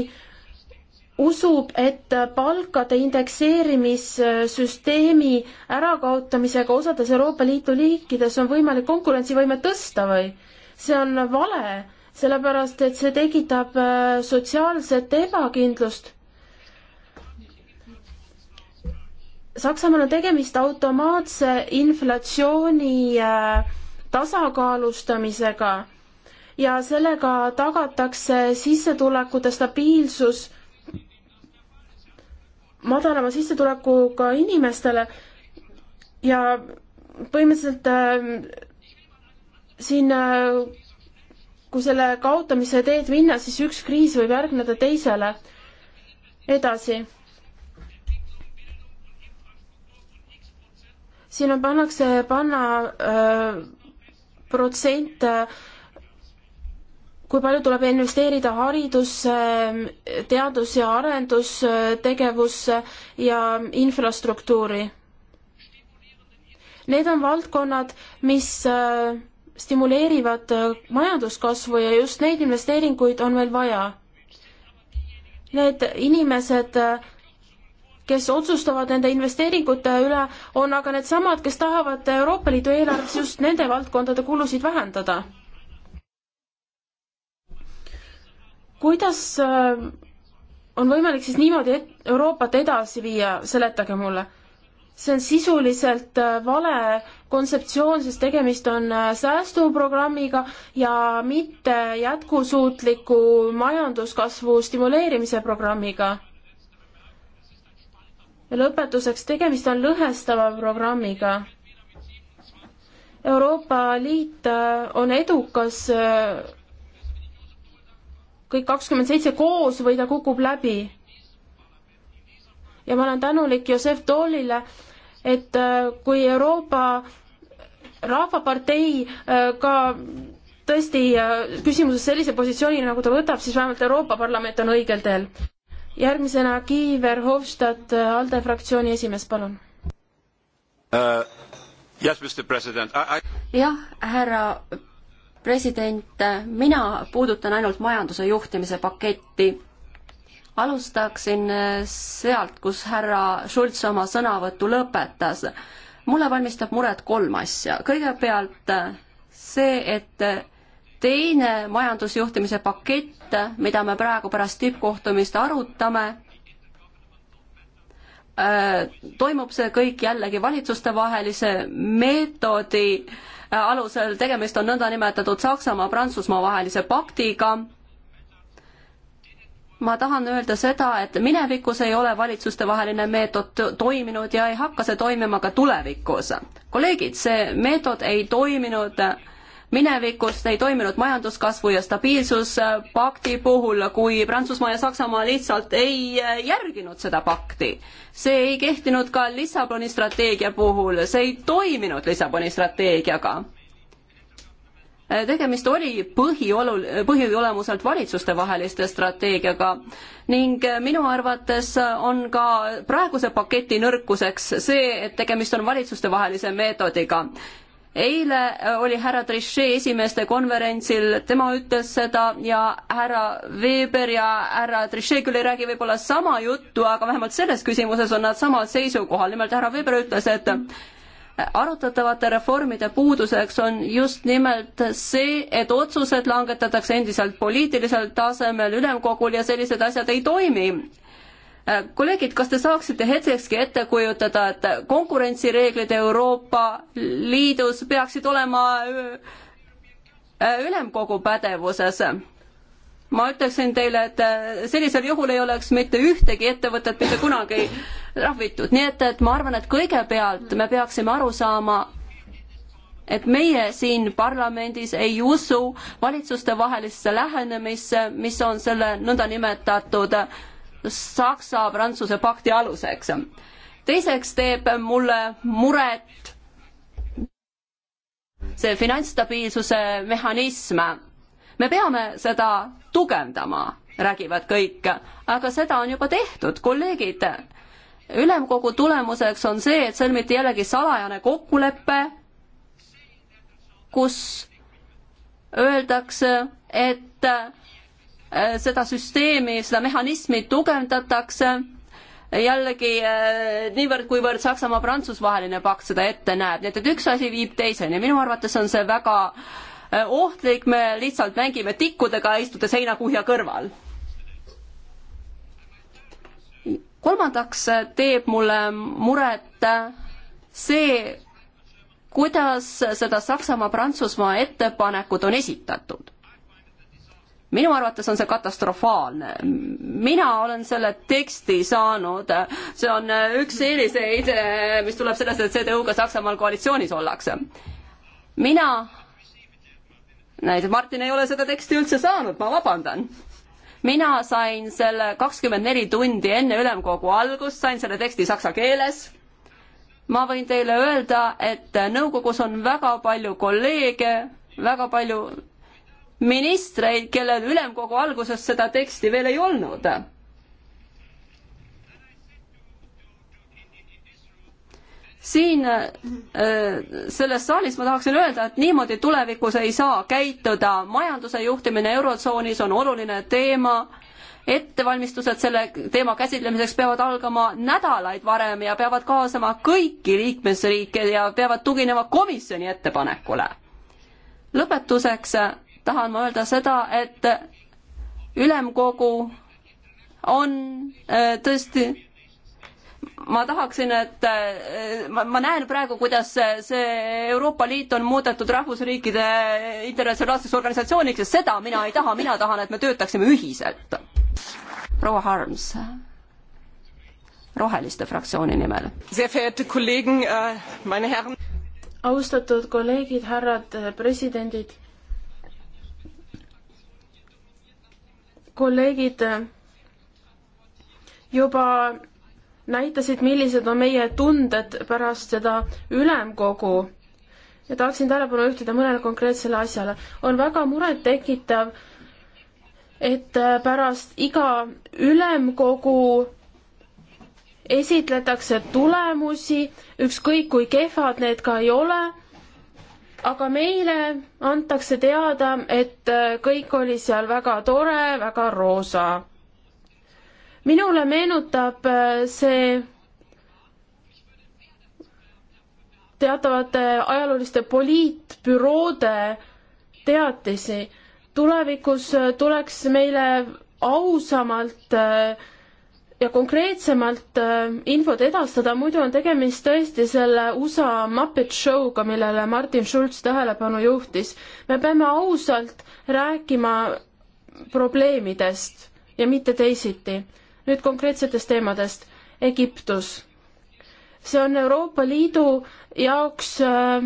usub, et palkade indekseerimissüsteemi ärakaotamisega osades Euroopa Liidu liikides on võimalik konkurentsivõimet tõsta või? see on vale, sellepärast et see tekitab äh, sotsiaalset ebakindlust Saksamaal on tegemist automaatse inflatsiooni äh, tasakaalustamisega ja sellega tagatakse sissetulekute stabiilsus madalama sissetulekuga inimestele ja põhimõtteliselt äh, siin äh, kui selle kaotamise teed minna, siis üks kriis võib järgneda teisele. edasi siin on, pannakse panna öö, äh, protsent, äh, kui palju tuleb investeerida haridusse, teadus- ja arendustegevusse ja infrastruktuuri. Need on valdkonnad, mis äh, stimuleerivad majanduskasvu ja just neid investeeringuid on meil vaja. Need inimesed äh, kes otsustavad nende investeeringute üle, on aga needsamad, kes tahavad Euroopa Liidu eelarves just nende valdkondade kulusid vähendada. kuidas äh, on võimalik siis niimoodi et Euroopat edasi viia, seletage mulle. see on sisuliselt äh, vale kontseptsioon, sest tegemist on äh, säästuprogrammiga ja mitte jätkusuutliku majanduskasvu stimuleerimise programmiga ja lõpetuseks, tegemist on lõhestava programmiga. Euroopa Liit äh, on edukas äh, kõik kakskümmend seitse koos või ta kukub läbi. ja ma olen tänulik Josef Toolile, et äh, kui Euroopa Rahvapartei ka tõesti küsimuses sellise positsiooni, nagu ta võtab, siis vähemalt Euroopa Parlament on õigel teel järgmisena Kiiver Hofstadt, ALDE fraktsiooni esimees, palun uh,. Yes, I... jah, härra president, mina puudutan ainult majanduse juhtimise paketti alustaksin sealt, kus härra Schulz oma sõnavõttu lõpetas. mulle valmistab muret kolm asja. kõigepealt see, et teine majandusjuhtimise pakett, mida me praegu pärast tippkohtumist arutame, äh, toimub see kõik jällegi valitsustevahelise meetodi äh, alusel, tegemist on nõndanimetatud Saksamaa-Prantsusmaa vahelise paktiga. ma tahan öelda seda, et minevikus ei ole valitsustevaheline meetod toiminud ja ei hakka see toimima ka tulevikus. kolleegid, see meetod ei toiminud äh, minevikus ei toiminud majanduskasvu ja stabiilsuspakti puhul, kui Prantsusmaa ja Saksamaa lihtsalt ei järginud seda pakti. see ei kehtinud ka Lissaboni strateegia puhul, see ei toiminud Lissaboni strateegiaga tegemist oli põhiolul-, põhiolemuselt valitsustevaheliste strateegiaga ning minu arvates on ka praeguse paketi nõrkuseks see, et tegemist on valitsustevahelise meetodiga eile äh, oli härra Trichet esimeeste konverentsil, tema ütles seda ja härra Weber ja härra Trichet küll ei räägi võib-olla sama juttu, aga vähemalt selles küsimuses on nad samal seisukohal, nimelt härra Weber ütles, et arutatavate reformide puuduseks on just nimelt see, et otsused langetatakse endiselt poliitilisel tasemel ülemkogul ja sellised asjad ei toimi Äh, kolleegid, kas te saaksite hetkekski ette kujutada, et konkurentsireeglid Euroopa Liidus peaksid olema äh, äh, ülemkogu pädevuses? ma ütleksin teile, et sellisel juhul ei oleks mitte ühtegi ettevõtet mitte kunagi trahvitud, nii et, et ma arvan, et kõigepealt me peaksime aru saama, et meie siin parlamendis ei usu valitsustevahelisse lähenemisse, mis on selle nõndanimetatud äh, Saksa-Prantsuse pakti aluseks. teiseks teeb mulle muret see finantsstabiilsuse mehhanism. me peame seda tugevdama, räägivad kõik, aga seda on juba tehtud, kolleegid. ülemkogu tulemuseks on see, et sõlmiti jällegi salajane kokkulepe, kus öeldakse, et Äh, seda süsteemi, seda mehhanismi tugevdatakse jällegi äh, niivõrd, kuivõrd Saksamaa-Prantsus vaheline pakt seda ette näeb, nii et, et üks asi viib teiseni, minu arvates on see väga äh, ohtlik, me lihtsalt mängime tikkudega, istudes heinakuhja kõrval. kolmandaks teeb mulle muret see, kuidas seda Saksamaa-Prantsusmaa ettepanekut on esitatud minu arvates on see katastrofaalne. mina olen selle teksti saanud, see on äh, üks eeliseid, äh, mis tuleb sellest, et CDU-ga Saksamaal koalitsioonis ollakse. mina, näiteks Martin ei ole seda teksti üldse saanud, ma vabandan mina sain selle kakskümmend neli tundi enne ülemkogu algust, sain selle teksti saksa keeles. ma võin teile öelda, et nõukogus on väga palju kolleege, väga palju ministreid, kellel ülemkogu alguses seda teksti veel ei olnud. siin äh, selles saalis ma tahaksin öelda, et niimoodi tulevikus ei saa käituda. majanduse juhtimine Eurotsoonis on oluline teema ettevalmistused selle teema käsitlemiseks peavad algama nädalaid varem ja peavad kaasama kõiki liikmesriike ja peavad tuginema komisjoni ettepanekule. lõpetuseks tahan ma öelda seda, et ülemkogu on äh, tõesti ma tahaksin, et äh, ma, ma näen praegu, kuidas see Euroopa Liit on muudetud rahvusriikide internatsionaalseks organisatsiooniks ja seda mina ei taha, mina tahan, et me töötaksime ühiselt. proua Harms, Roheliste fraktsiooni nimel. Äh, austatud kolleegid, härrad presidendid kolleegid juba näitasid, millised on meie tunded pärast seda ülemkogu ja tahaksin tähelepanu juhtida mõnele konkreetsele asjale. on väga murettekitav, et pärast iga ülemkogu esitletakse tulemusi, ükskõik kui kehvad need ka ei ole aga meile antakse teada, et äh, kõik oli seal väga tore, väga roosa. minule meenutab äh, see teatavate ajalooliste poliitbüroode teatisi. tulevikus äh, tuleks meile ausamalt äh, ja konkreetsemalt äh, infot edastada, muidu on tegemist tõesti selle USA Muppet Show'ga, millele Martin Schulz tähelepanu juhtis. me peame ausalt rääkima probleemidest ja mitte teisiti. nüüd konkreetsetest teemadest. Egiptus. see on Euroopa Liidu jaoks äh,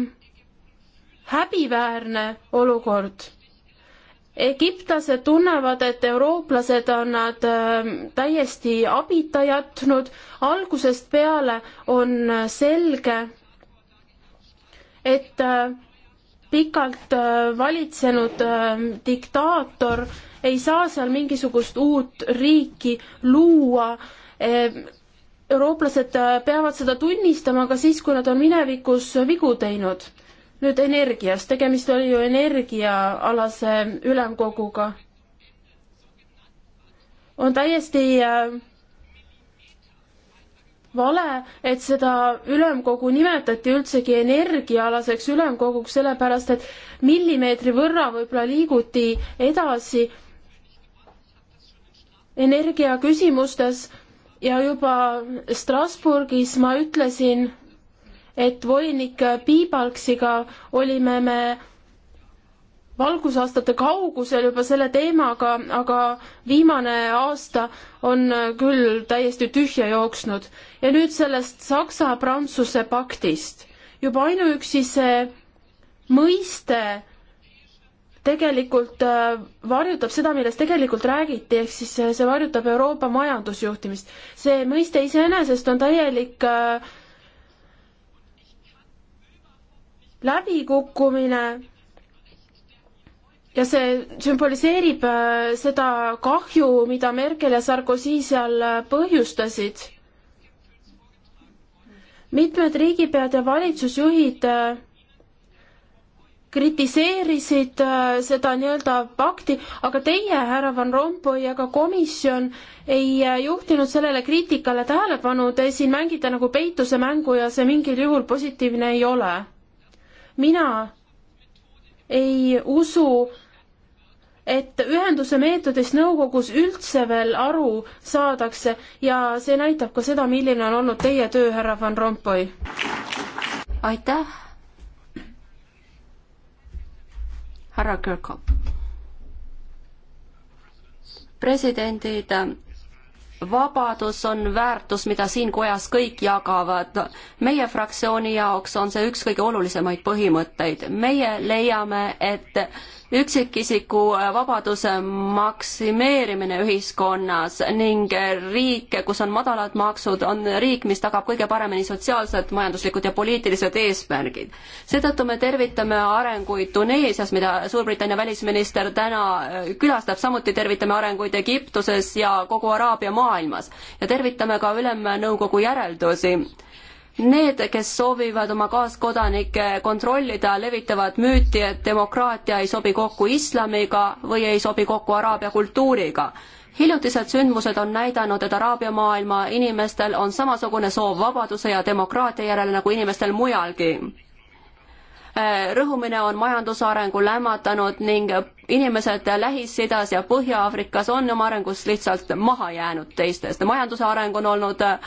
häbiväärne olukord egiptlased tunnevad, et eurooplased on nad ähm, täiesti abita jätnud, algusest peale on äh, selge, et äh, pikalt äh, valitsenud ähm, diktaator ei saa seal mingisugust uut riiki luua. eurooplased peavad seda tunnistama ka siis, kui nad on minevikus vigu teinud nüüd energiast, tegemist oli ju energiaalase ülemkoguga. on täiesti äh, vale, et seda ülemkogu nimetati üldsegi energiaalaseks ülemkoguks, sellepärast et millimeetri võrra võib-olla liiguti edasi energiaküsimustes ja juba Strasbourgis ma ütlesin, et volinik Piibalksiga olime me valgusaastate kaugusel juba selle teemaga, aga viimane aasta on küll täiesti tühja jooksnud. ja nüüd sellest Saksa-Prantsuse paktist. juba ainuüksi see mõiste tegelikult äh, varjutab seda, millest tegelikult räägiti, ehk siis see varjutab Euroopa majandusjuhtimist. see mõiste iseenesest on täielik äh, läbikukkumine ja see sümboliseerib äh, seda kahju, mida Merkel ja Sarkozy seal äh, põhjustasid. mitmed riigipead ja valitsusjuhid äh, kritiseerisid seda nii-öelda pakti, aga teie, härra Van Rompuy, ja ka komisjon ei juhtinud sellele kriitikale tähelepanu, te siin mängite nagu peituse mängu ja see mingil juhul positiivne ei ole mina ei usu, et ühenduse meetodist nõukogus üldse veel aru saadakse ja see näitab ka seda, milline on olnud teie töö, härra Van Rompuy. aitäh. härra Kirkhoff. presidendid vabadus on väärtus, mida siin kojas kõik jagavad. meie fraktsiooni jaoks on see üks kõige olulisemaid põhimõtteid. meie leiame, et üksikisiku äh, vabaduse maksimeerimine ühiskonnas ning riik, kus on madalad maksud, on riik, mis tagab kõige paremini sotsiaalsed, majanduslikud ja poliitilised eesmärgid. seetõttu me tervitame arenguid Tuneesias, mida Suurbritannia välisminister täna äh, külastab, samuti tervitame arenguid Egiptuses ja kogu Araabia maailmas ja tervitame ka Ülemnõukogu järeldusi Need, kes soovivad oma kaaskodanikke kontrollida, levitavad müüti, et demokraatia ei sobi kokku islamiga või ei sobi kokku araabia kultuuriga. hiljutised sündmused on näidanud, et araabia maailma inimestel on samasugune soov vabaduse ja demokraatia järele nagu inimestel mujalgi Äh, rõhumine on majandusarengu lämmatanud ning inimesed Lähis-Idas ja Põhja-Aafrikas on oma arengus lihtsalt maha jäänud teistest. majanduse areng on olnud äh,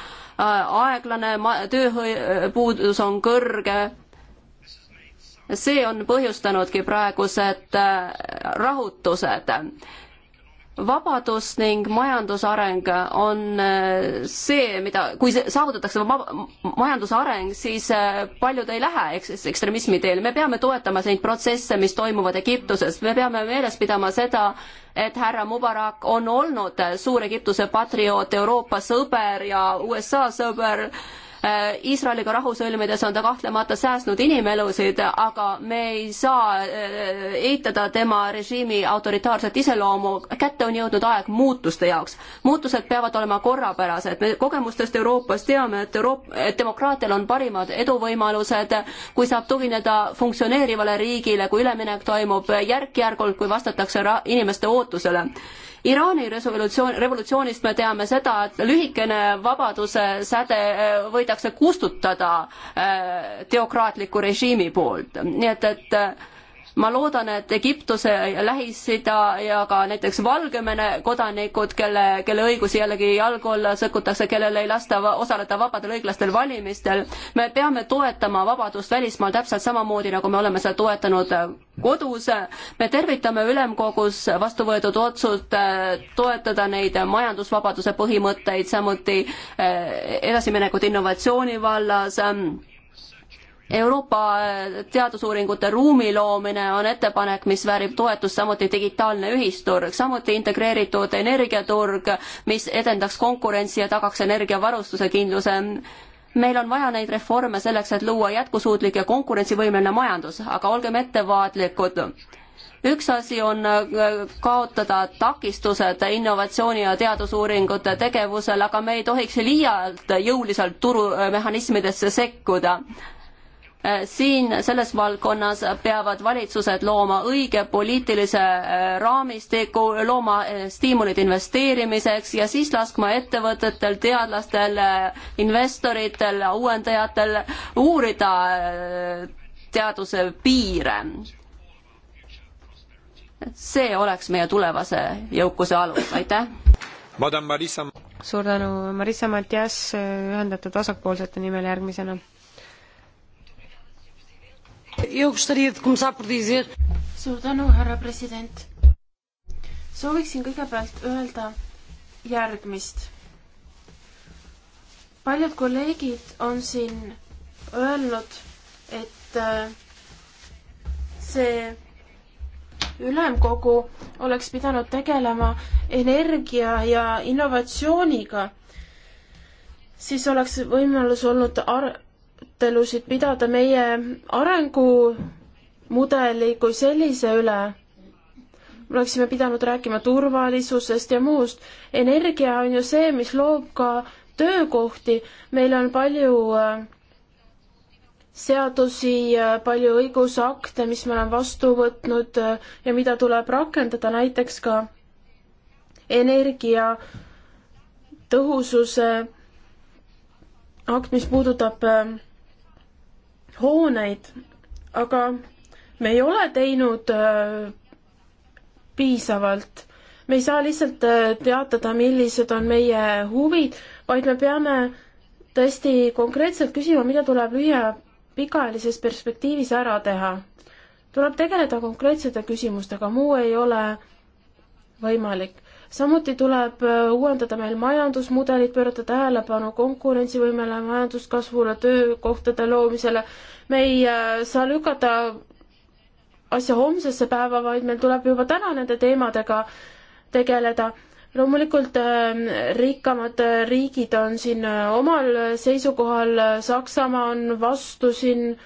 aeglane, tööpuudus on kõrge. see on põhjustanudki praegused äh, rahutused vabadus ning majandusareng on eh, see, mida, kui saavutatakse majandusareng, siis eh, paljud ei lähe eks ekstremismi teel. me peame toetama neid protsesse, mis toimuvad Egiptuses, me peame meeles pidama seda, et härra Mubarak on olnud suur Egiptuse patrioot, Euroopa sõber ja USA sõber Äh, Iisraeliga rahu sõlmides on ta kahtlemata säästnud inimelusid, aga me ei saa äh, eitada tema režiimi autoritaarset iseloomu. kätte on jõudnud aeg muutuste jaoks. muutused peavad olema korrapärased. me kogemustest Euroopas teame, et Euroop-, et demokraatial on parimad eduvõimalused, kui saab tugineda funktsioneerivale riigile, kui üleminek toimub järk-järgult, kui vastatakse ra-, inimeste ootusele Iraani resolutsioon, revolutsioonist me teame seda, et lühikene vabaduse säde äh, võidakse kustutada äh, teokraatliku režiimi poolt, nii et, et äh, ma loodan, et Egiptuse, Lähis-Ida ja ka näiteks Valgevene kodanikud, kelle, kelle õigusi jällegi jalgu alla sõkutakse, kellel ei lasta osaleda vabadel õiglastel valimistel, me peame toetama vabadust välismaal täpselt samamoodi, nagu me oleme seda toetanud kodus. me tervitame ülemkogus vastu võetud otsust äh, toetada neid majandusvabaduse põhimõtteid, samuti äh, edasiminekut innovatsiooni vallas Euroopa teadusuuringute ruumi loomine on ettepanek, mis väärib toetust, samuti digitaalne ühisturg, samuti integreeritud energiaturg, mis edendaks konkurentsi ja tagaks energiavarustuse kindluse. meil on vaja neid reforme selleks, et luua jätkusuutlik ja konkurentsivõimeline majandus, aga olgem ettevaatlikud üks asi on äh, kaotada takistused innovatsiooni ja teadusuuringute tegevusel, aga me ei tohiks liialt jõuliselt turumehhanismidesse äh, sekkuda Äh, siin selles valdkonnas peavad valitsused looma õige poliitilise äh, raamistiku, looma äh, stiimulid investeerimiseks ja siis laskma ettevõtetel, teadlastel, investoritel, uuendajatel uurida teaduse piire. see oleks meie tulevase jõukuse alus, aitäh! suur tänu, Marissa Matias Ühendatud Vasakpoolsete nimel järgmisena suur tänu, härra president. sooviksin kõigepealt öelda järgmist. paljud kolleegid on siin öelnud, et äh, see ülemkogu oleks pidanud tegelema energia ja innovatsiooniga, siis oleks võimalus olnud ar-, arutelusid pidada meie arengumudeli kui sellise üle. me oleksime pidanud rääkima turvalisusest ja muust. energia on ju see, mis loob ka töökohti, meil on palju äh, seadusi, äh, palju õigusakte, mis me oleme vastu võtnud äh, ja mida tuleb rakendada, näiteks ka energia tõhususe akt, mis puudutab äh, hooneid, aga me ei ole teinud äh, piisavalt. me ei saa lihtsalt äh, teatada, millised on meie huvid, vaid me peame tõesti konkreetselt küsima, mida tuleb lühia pikaajalises perspektiivis ära teha. tuleb tegeleda konkreetsete küsimustega, muu ei ole võimalik samuti tuleb äh, uuendada meil majandusmudelit, pöörata tähelepanu konkurentsivõimele, majanduskasvule, töökohtade loomisele. me ei äh, saa lükata asja homsesse päeva, vaid meil tuleb juba täna nende teemadega tegeleda. loomulikult ähm, rikkamad riigid on siin äh, omal seisukohal, Saksamaa on vastu siin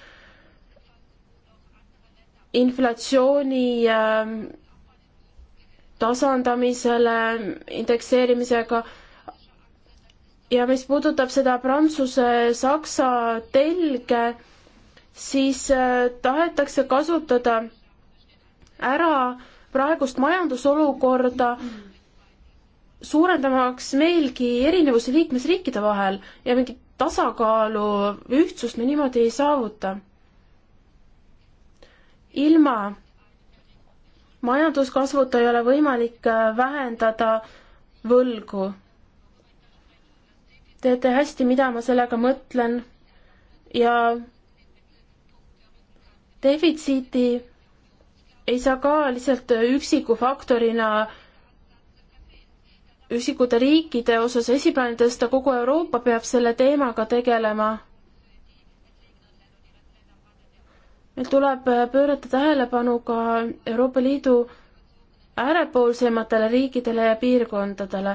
inflatsiooni ähm, tasandamisele indekseerimisega. ja mis puudutab seda Prantsuse-Saksa telge, siis äh, tahetakse kasutada ära praegust majandusolukorda, suurendamaks meilgi erinevusi liikmesriikide vahel ja mingit tasakaalu, ühtsust me niimoodi ei saavuta. ilma majanduskasvuta ei ole võimalik äh, vähendada võlgu. teate hästi, mida ma sellega mõtlen ja defitsiiti ei saa ka lihtsalt üksiku faktorina üksikute riikide osas esiplaanil tõsta, kogu Euroopa peab selle teemaga tegelema meil tuleb äh, pöörata tähelepanu ka Euroopa Liidu äärepoolsematele riikidele ja piirkondadele.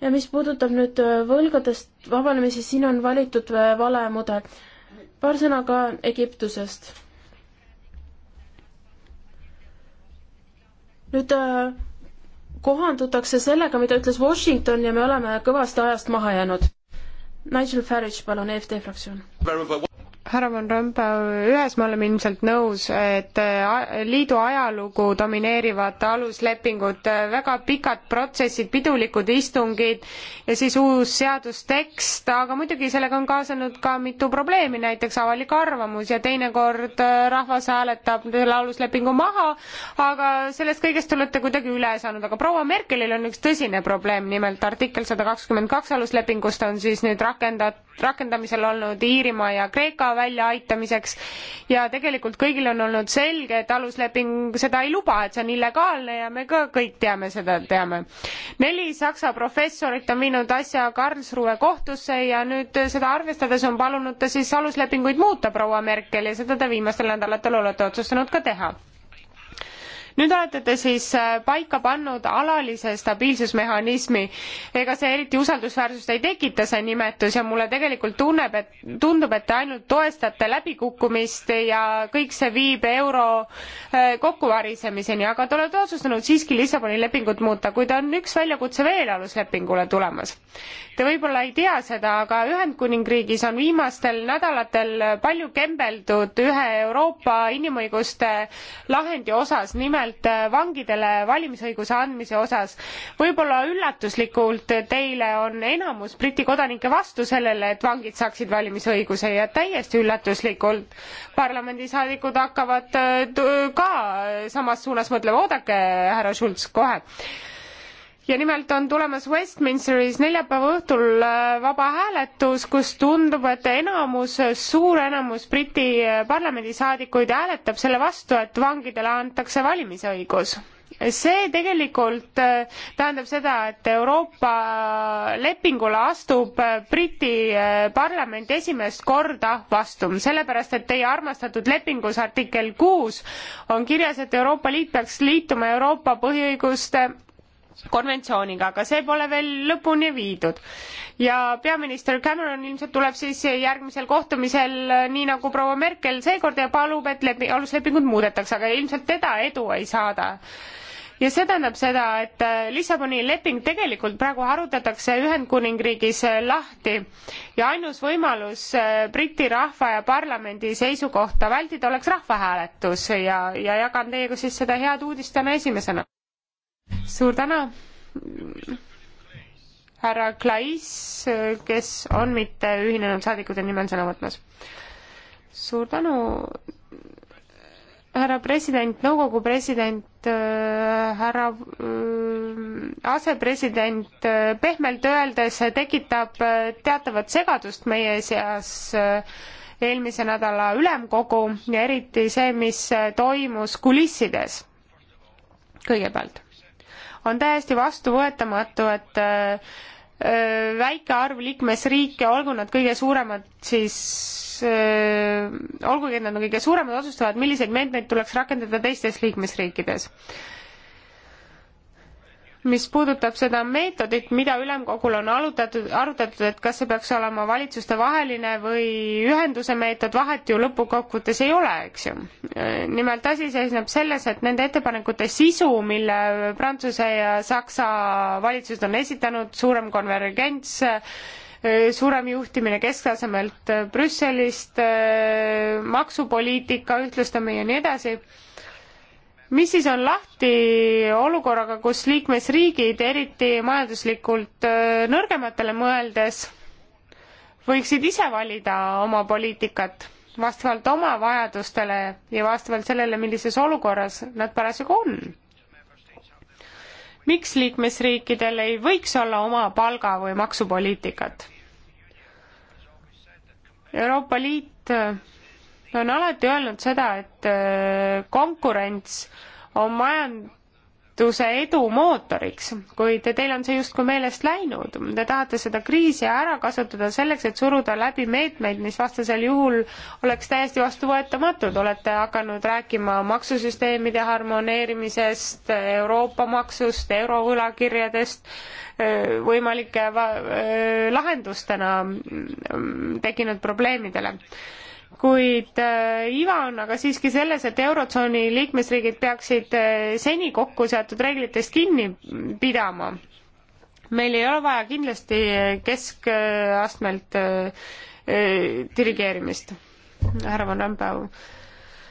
ja mis puudutab nüüd äh, võlgadest vabanemisi, siin on valitud äh, vale mudel. paar sõna ka Egiptusest. nüüd kohandutakse sellega, mida ütles Washington ja me oleme kõvasti ajast maha jäänud. Nigel Farage, palun, EFD fraktsioon härra Van Rompuy, ühes me oleme ilmselt nõus, et äh, liidu ajalugu domineerivad aluslepingud, äh, väga pikad protsessid, pidulikud istungid ja siis uus seadustekst, aga muidugi sellega on kaasanud ka mitu probleemi, näiteks avalik arvamus ja teinekord äh, rahvas hääletab selle aluslepingu maha, aga sellest kõigest olete kuidagi üle saanud, aga proua Merkelil on üks tõsine probleem, nimelt artikkel sada kakskümmend kaks aluslepingust on siis nüüd rakendat-, rakendamisel olnud Iirimaa ja Kreeka väljaaitamiseks ja tegelikult kõigil on olnud selge, et alusleping seda ei luba, et see on illegaalne ja me ka kõik teame seda, teame. neli saksa professorit on viinud asja Karlsruhe kohtusse ja nüüd seda arvestades on palunud ta siis aluslepinguid muuta, proua Merkel, ja seda te viimastel nädalatel olete otsustanud ka teha nüüd olete te siis äh, paika pannud alalise stabiilsusmehhanismi. ega see eriti usaldusväärsust ei tekita, see nimetus, ja mulle tegelikult tunneb, et tundub, et te ainult toestate läbikukkumist ja kõik see viib euro äh, kokkuvarisemiseni, aga te olete otsustanud siiski Lissaboni lepingut muuta, kuid on üks väljakutse veel aluslepingule tulemas. Te võib-olla ei tea seda, aga Ühendkuningriigis on viimastel nädalatel palju kembeldud ühe Euroopa inimõiguste lahendi osas, nimelt nimelt äh, vangidele valimisõiguse andmise osas. võib-olla üllatuslikult teile on enamus Briti kodanike vastu sellele, et vangid saaksid valimisõiguse ja täiesti üllatuslikult parlamendisaadikud hakkavad äh, ka samas suunas mõtlema, oodake, härra Schulz, kohe ja nimelt on tulemas Westminsteris neljapäeva õhtul äh, vaba hääletus, kus tundub, et enamus, äh, suur enamus Briti äh, parlamendisaadikuid hääletab selle vastu, et vangidele antakse valimisõigus. see tegelikult tähendab seda, et Euroopa lepingule astub Briti parlament esimest korda vastu, sellepärast et teie armastatud lepingus artikkel kuus on kirjas, et Euroopa Liit peaks liituma Euroopa põhiõiguste konventsiooniga, aga see pole veel lõpuni viidud. ja peaminister Cameron ilmselt tuleb siis järgmisel kohtumisel, nii nagu proua Merkel seekord ja palub, et lepi-, aluslepingut muudetakse, aga ilmselt teda edu ei saada ja see tähendab seda, et äh, Lissaboni leping tegelikult praegu harutatakse Ühendkuningriigis äh, lahti ja ainus võimalus äh, Briti rahva ja parlamendi seisukohta vältida oleks rahvahääletus ja, ja jagan teiega siis seda head uudist täna esimesena suur tänu, härra Klais, kes on mitte ühinenud saadikute nimel sõna võtmas. suur tänu, härra president, nõukogu president, härra äh, asepresident, äh, pehmelt öeldes tekitab äh, teatavat segadust meie seas eelmise nädala ülemkogu ja eriti see, mis toimus kulissides kõigepealt on täiesti vastuvõetamatu, et äh, äh, väike arv liikmesriike, olgu nad kõige suuremad siis, äh, olgugi et nad on kõige suuremad, otsustavad, milliseid meetmeid tuleks rakendada teistes liikmesriikides mis puudutab seda meetodit, mida ülemkogul on arutatud, arutatud, et kas see peaks olema valitsustevaheline või ühenduse meetod, vahet ju lõppkokkuvõttes ei ole, eks ju. nimelt asi seisneb selles, et nende ettepanekute sisu, mille Prantsuse ja Saksa valitsused on esitanud, suurem konvergents, suurem juhtimine kesktasemelt Brüsselist, maksupoliitika ühtlustamine ja nii edasi mis siis on lahti olukorraga, kus liikmesriigid, eriti majanduslikult nõrgematele mõeldes, võiksid ise valida oma poliitikat vastavalt oma vajadustele ja vastavalt sellele, millises olukorras nad parasjagu on. miks liikmesriikidel ei võiks olla oma palga- või maksupoliitikat? Euroopa Liit ma olen alati öelnud seda, et äh, konkurents on majanduse edu mootoriks, kuid teil on see justkui meelest läinud. Te tahate seda kriisi ära kasutada selleks, et suruda läbi meetmeid, mis vastasel juhul oleks täiesti vastuvõetamatud. olete hakanud rääkima maksusüsteemide harmoneerimisest, Euroopa maksust, eurovõlakirjadest, äh, võimalike äh, lahendustena mm, tekkinud probleemidele kuid äh, iva on aga siiski selles, et Eurotsooni liikmesriigid peaksid äh, seni kokku seatud reeglitest kinni pidama. meil ei ole vaja kindlasti äh, keskastmelt dirigeerimist. härra Van Rompuy,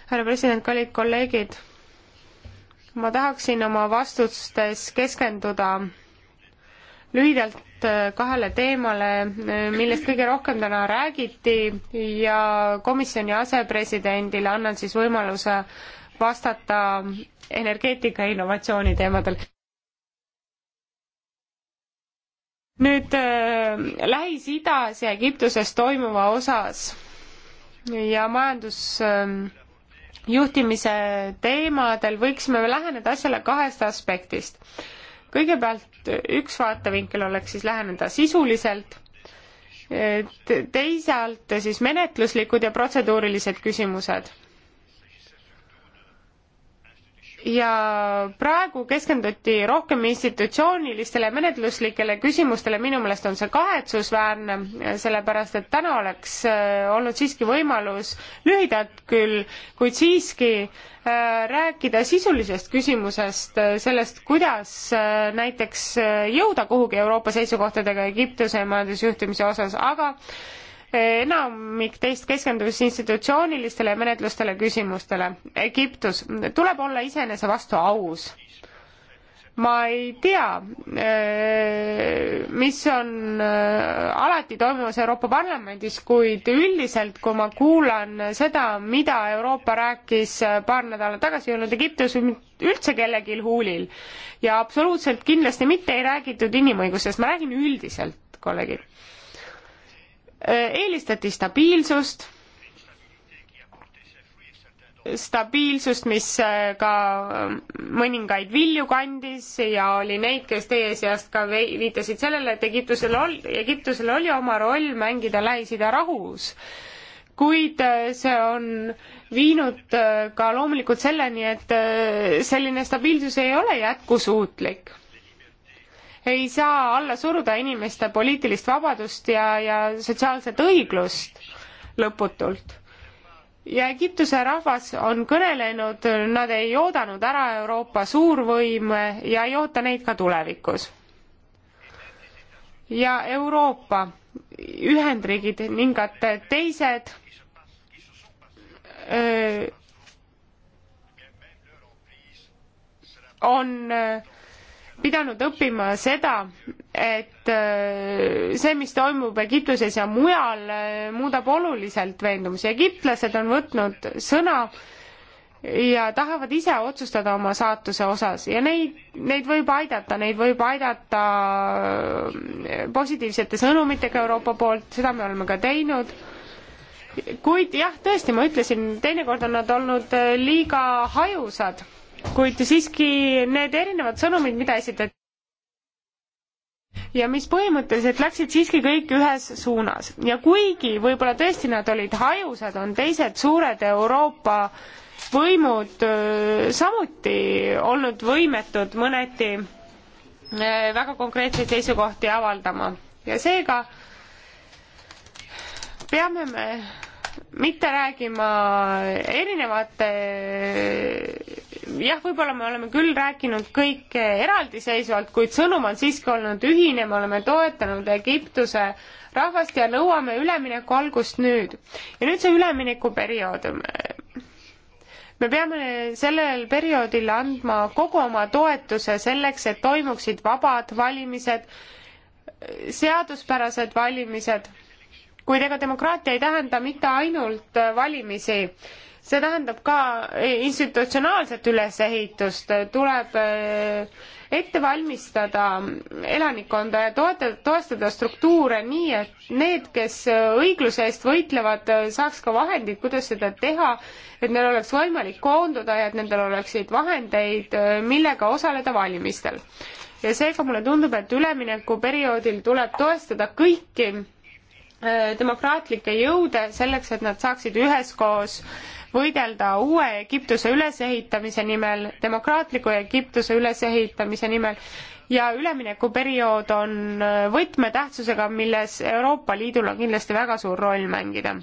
härra president, kallid kolleegid, ma tahaksin oma vastustes keskenduda lühidalt äh, kahele teemale, äh, millest kõige rohkem täna räägiti ja komisjoni asepresidendile annan siis võimaluse vastata energeetika innovatsiooni teemadel. nüüd äh, Lähis-Idas ja Egiptuses toimuva osas ja majandusjuhtimise ähm, teemadel võiksime läheneda asjale kahest aspektist kõigepealt üks vaatevinkel oleks siis läheneda sisuliselt, teisalt siis menetluslikud ja protseduurilised küsimused ja praegu keskenduti rohkem institutsioonilistele menetluslikele küsimustele, minu meelest on see kahetsusväärne, sellepärast et täna oleks äh, olnud siiski võimalus lühidalt küll, kuid siiski äh, rääkida sisulisest küsimusest, äh, sellest, kuidas näiteks jõuda kuhugi Euroopa seisukohtadega Egiptuse majandusjuhtimise osas, aga enamik teist keskendus institutsioonilistele ja menetlustele küsimustele. Egiptus, tuleb olla iseenese vastu aus ma ei tea, eh, mis on eh, alati toimumas Euroopa Parlamendis, kuid üldiselt, kui ma kuulan seda, mida Euroopa rääkis eh, paar nädalat tagasi, ei olnud Egiptus üldse kellelgi huulil ja absoluutselt kindlasti mitte ei räägitud inimõigustest, ma räägin üldiselt, kolleegid. Äh, eelistati stabiilsust, stabiilsust, mis äh, ka mõningaid vilju kandis ja oli neid, kes teie seast ka viitasid sellele, et Egiptusel ol-, Egiptusel oli oma roll mängida Lähis-Ida rahus kuid äh, see on viinud ka loomulikult selleni, et selline stabiilsus ei ole jätkusuutlik ei saa alla suruda inimeste poliitilist vabadust ja, ja sotsiaalset õiglust lõputult. ja Egiptuse rahvas on kõnelenud, nad ei oodanud ära Euroopa suurvõime ja ei oota neid ka tulevikus. ja Euroopa, Ühendriigid ning ka teised öö, on öö, pidanud õppima seda, et äh, see, mis toimub Egiptuses ja mujal, äh, muudab oluliselt veendumusi. egiptlased on võtnud sõna ja tahavad ise otsustada oma saatuse osas ja neid, neid võib aidata, neid võib aidata äh, positiivsete sõnumitega Euroopa poolt, seda me oleme ka teinud kuid jah, tõesti, ma ütlesin, teinekord on nad olnud liiga hajusad kuid siiski need erinevad sõnumid, mida esitati ja mis põhimõtteliselt läksid siiski kõik ühes suunas ja kuigi võib-olla tõesti nad olid hajusad, on teised suured Euroopa võimud samuti olnud võimetud mõneti väga konkreetseid seisukohti avaldama ja seega peame me mitte räägima erinevate, jah, võib-olla me oleme küll rääkinud kõik eraldiseisvalt, kuid sõnum on siiski olnud ühine, me oleme toetanud Egiptuse rahvast ja nõuame ülemineku algust nüüd. ja nüüd see üleminekuperiood. me peame sellel perioodil andma kogu oma toetuse selleks, et toimuksid vabad valimised, seaduspärased valimised kuid ega demokraatia ei tähenda mitte ainult äh, valimisi, see tähendab ka äh, institutsionaalset ülesehitust, tuleb äh, ette valmistada elanikkonda ja toetada, toestada struktuure nii, et need, kes õigluse eest võitlevad, saaks ka vahendid, kuidas seda teha, et neil oleks võimalik koonduda ja et nendel oleksid vahendeid, millega osaleda valimistel. ja seega mulle tundub, et üleminekuperioodil tuleb toestada kõiki Äh, demokraatlikke jõude selleks, et nad saaksid üheskoos võidelda uue Egiptuse ülesehitamise nimel, demokraatliku Egiptuse ülesehitamise nimel ja üleminekuperiood on äh, võtmetähtsusega, milles Euroopa Liidul on kindlasti väga suur roll mängida.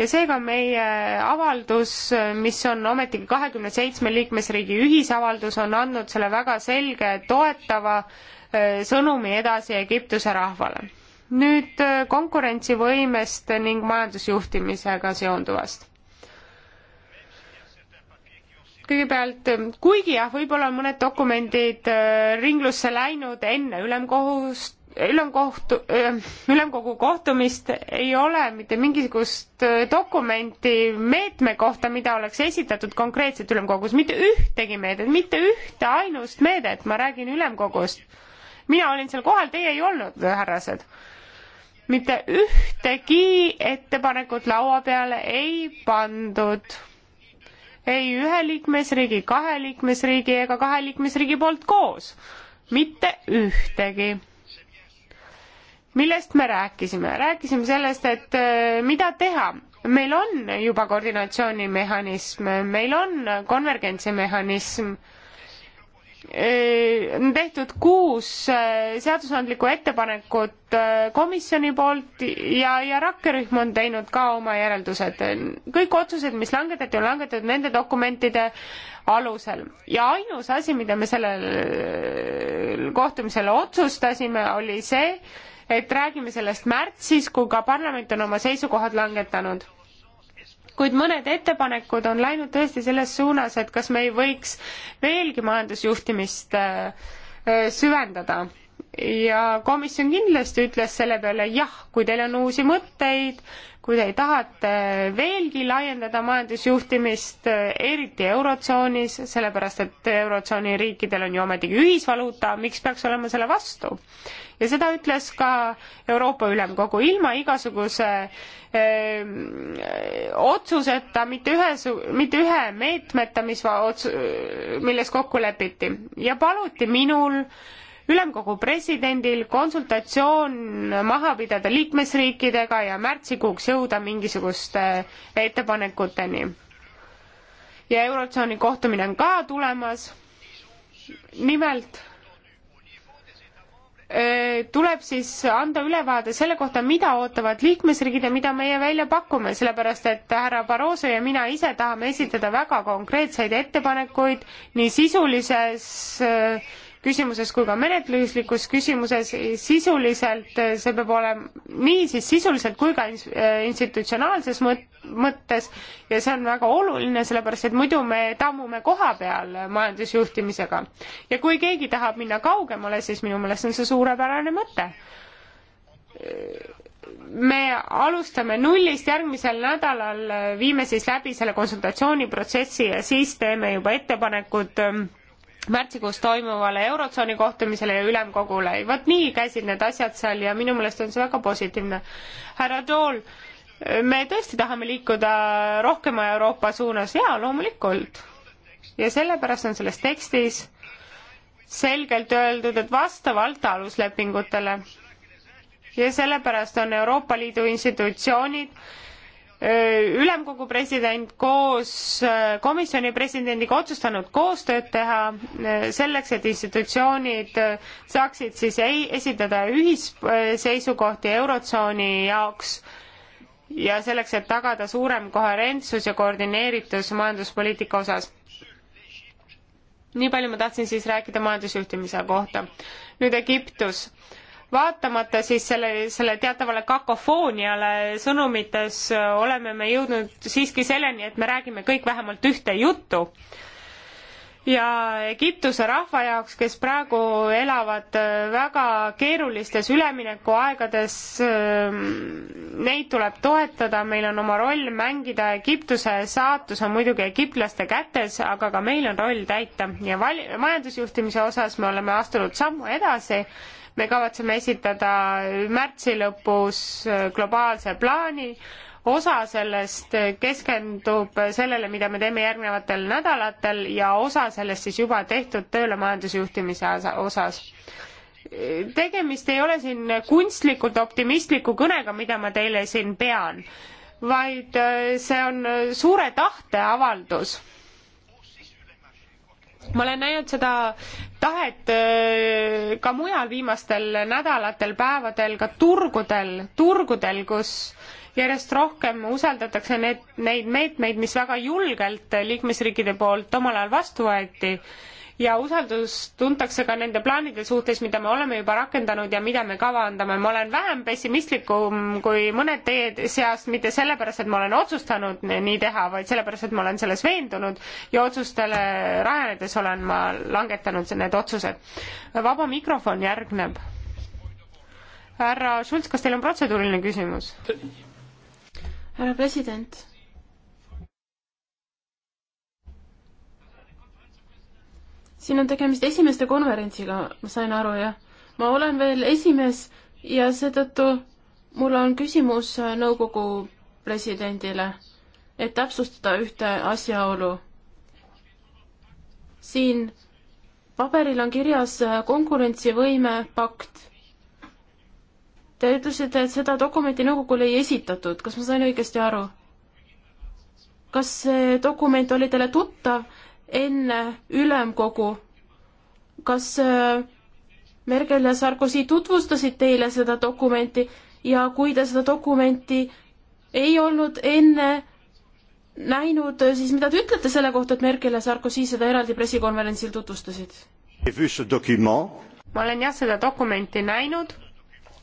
ja seega meie avaldus, äh, mis on ometigi kahekümne seitsme liikmesriigi ühisavaldus, on andnud selle väga selge toetava sõnumi edasi Egiptuse rahvale nüüd äh, konkurentsivõimest ning majandusjuhtimisega seonduvast. kõigepealt, äh, kuigi jah, võib-olla on mõned dokumendid äh, ringlusse läinud enne ülemkohust, ülemkohtu, ülemkogu kohtumist ei ole mitte mingisugust dokumenti meetme kohta, mida oleks esitatud konkreetselt ülemkogus, mitte ühtegi meedet, mitte ühte ainust meedet, ma räägin ülemkogust. mina olin seal kohal, teie ei olnud, härrased mitte ühtegi ettepanekut laua peale ei pandud. ei ühe liikmesriigi, kahe liikmesriigi ega kahe liikmesriigi poolt koos. mitte ühtegi. millest me rääkisime? rääkisime sellest, et äh, mida teha. meil on juba koordinatsioonimehhanism, meil on konvergentsimehhanism on tehtud kuus eh, seadusandlikku ettepanekut eh, komisjoni poolt ja, ja rakkerühm on teinud ka oma järeldused. kõik otsused, mis langetati, on langetatud nende dokumentide alusel ja ainus asi, mida me sellel eh, kohtumisel otsustasime, oli see, et räägime sellest märtsis, kui ka parlament on oma seisukohad langetanud kuid mõned ettepanekud on läinud tõesti selles suunas, et kas me ei võiks veelgi majandusjuhtimist äh, äh, süvendada. ja komisjon kindlasti ütles selle peale jah, kui teil on uusi mõtteid, kui te tahate veelgi laiendada majandusjuhtimist, eriti Eurotsoonis, sellepärast et Eurotsooni riikidel on ju ometigi ühisvaluuta, miks peaks olema selle vastu? ja seda ütles ka Euroopa Ülemkogu ilma igasuguse öö, ehm, otsuseta, mitte ühes, mitte ühe meetmeta, mis, milles kokku lepiti ja paluti minul öö, ülemkogu presidendil konsultatsioon maha pidada liikmesriikidega ja märtsikuuks jõuda mingisuguste ettepanekuteni. ja Eurotsooni kohtumine on ka tulemas. nimelt tuleb siis anda ülevaade selle kohta, mida ootavad liikmesriigid ja mida meie välja pakume, sellepärast et härra Barroso ja mina ise tahame esitada väga konkreetseid ettepanekuid nii sisulises äh, küsimuses kui ka menetluslikus küsimuses, sisuliselt eh, see peab olema, niisiis sisuliselt kui ka eh, institutsionaalses mõttes ja see on väga oluline, sellepärast et muidu me tammume koha peal majandusjuhtimisega. ja kui keegi tahab minna kaugemale, siis minu meelest on see suurepärane mõte me alustame nullist järgmisel nädalal, eh, viime siis läbi selle konsultatsiooniprotsessi ja siis teeme juba ettepanekud ähm, märtsikuus toimuvale Eurotsooni kohtumisele ja ülemkogule. vot nii käisid need asjad seal ja minu meelest on see väga positiivne. härra Tool, me tõesti tahame liikuda rohkema Euroopa suunas, jaa, loomulikult. ja sellepärast on selles tekstis selgelt öeldud, et vastavalt aluslepingutele ja sellepärast on Euroopa Liidu institutsioonid Äh, ülemkogu president koos äh, komisjoni presidendiga otsustanud koostööd teha äh, selleks, et institutsioonid saaksid siis ei esitada ühisseisukohti Eurotsooni jaoks ja selleks, et tagada suurem koherentsus ja koordineeritus majanduspoliitika osas. nii palju ma tahtsin siis rääkida majandusjuhtimise kohta. nüüd Egiptus vaatamata siis selle, selle teatavale kakofooniale sõnumites äh, oleme me jõudnud siiski selleni, et me räägime kõik vähemalt ühte juttu. ja Egiptuse rahva jaoks, kes praegu elavad äh, väga keerulistes üleminekuaegades, äh, neid tuleb toetada, meil on oma roll mängida, Egiptuse saatus on muidugi egiptlaste kätes, aga ka meil on roll täita ja val-, majandusjuhtimise osas me oleme astunud sammu edasi me kavatseme esitada märtsi lõpus äh, globaalse plaani, osa sellest äh, keskendub sellele, mida me teeme järgnevatel nädalatel ja osa sellest siis juba tehtud tööle majandusjuhtimise osas tegemist ei ole siin kunstlikult optimistliku kõnega, mida ma teile siin pean, vaid äh, see on suure tahte avaldus ma olen näinud seda tahet äh, ka mujal viimastel nädalatel, päevadel, ka turgudel, turgudel, kus järjest rohkem usaldatakse need, neid meetmeid, mis väga julgelt liikmesriikide poolt omal ajal vastu võeti ja usaldust tuntakse ka nende plaanide suhtes, mida me oleme juba rakendanud ja mida me kavandame. ma olen vähem pessimistlikum kui mõned teie seast, mitte sellepärast, et ma olen otsustanud nii teha, vaid sellepärast, et ma olen selles veendunud ja otsustele rajanedes olen ma langetanud need otsused. vaba mikrofon järgneb. härra Schultz, kas teil on protseduuriline küsimus? härra president siin on tegemist esimeste konverentsiga, ma sain aru, jah? ma olen veel esimees ja seetõttu mul on küsimus nõukogu presidendile, et täpsustada ühte asjaolu. siin paberil on kirjas konkurentsivõime pakt. Te ütlesite, et seda dokumenti nõukogule ei esitatud, kas ma sain õigesti aru? kas see dokument oli teile tuttav enne ülemkogu. kas äh, Merkel ja Sarkozy tutvustasid teile seda dokumenti ja kui te seda dokumenti ei olnud enne näinud, siis mida te ütlete selle kohta, et Merkel ja Sarkozy seda eraldi pressikonverentsil tutvustasid? ma olen jah seda dokumenti näinud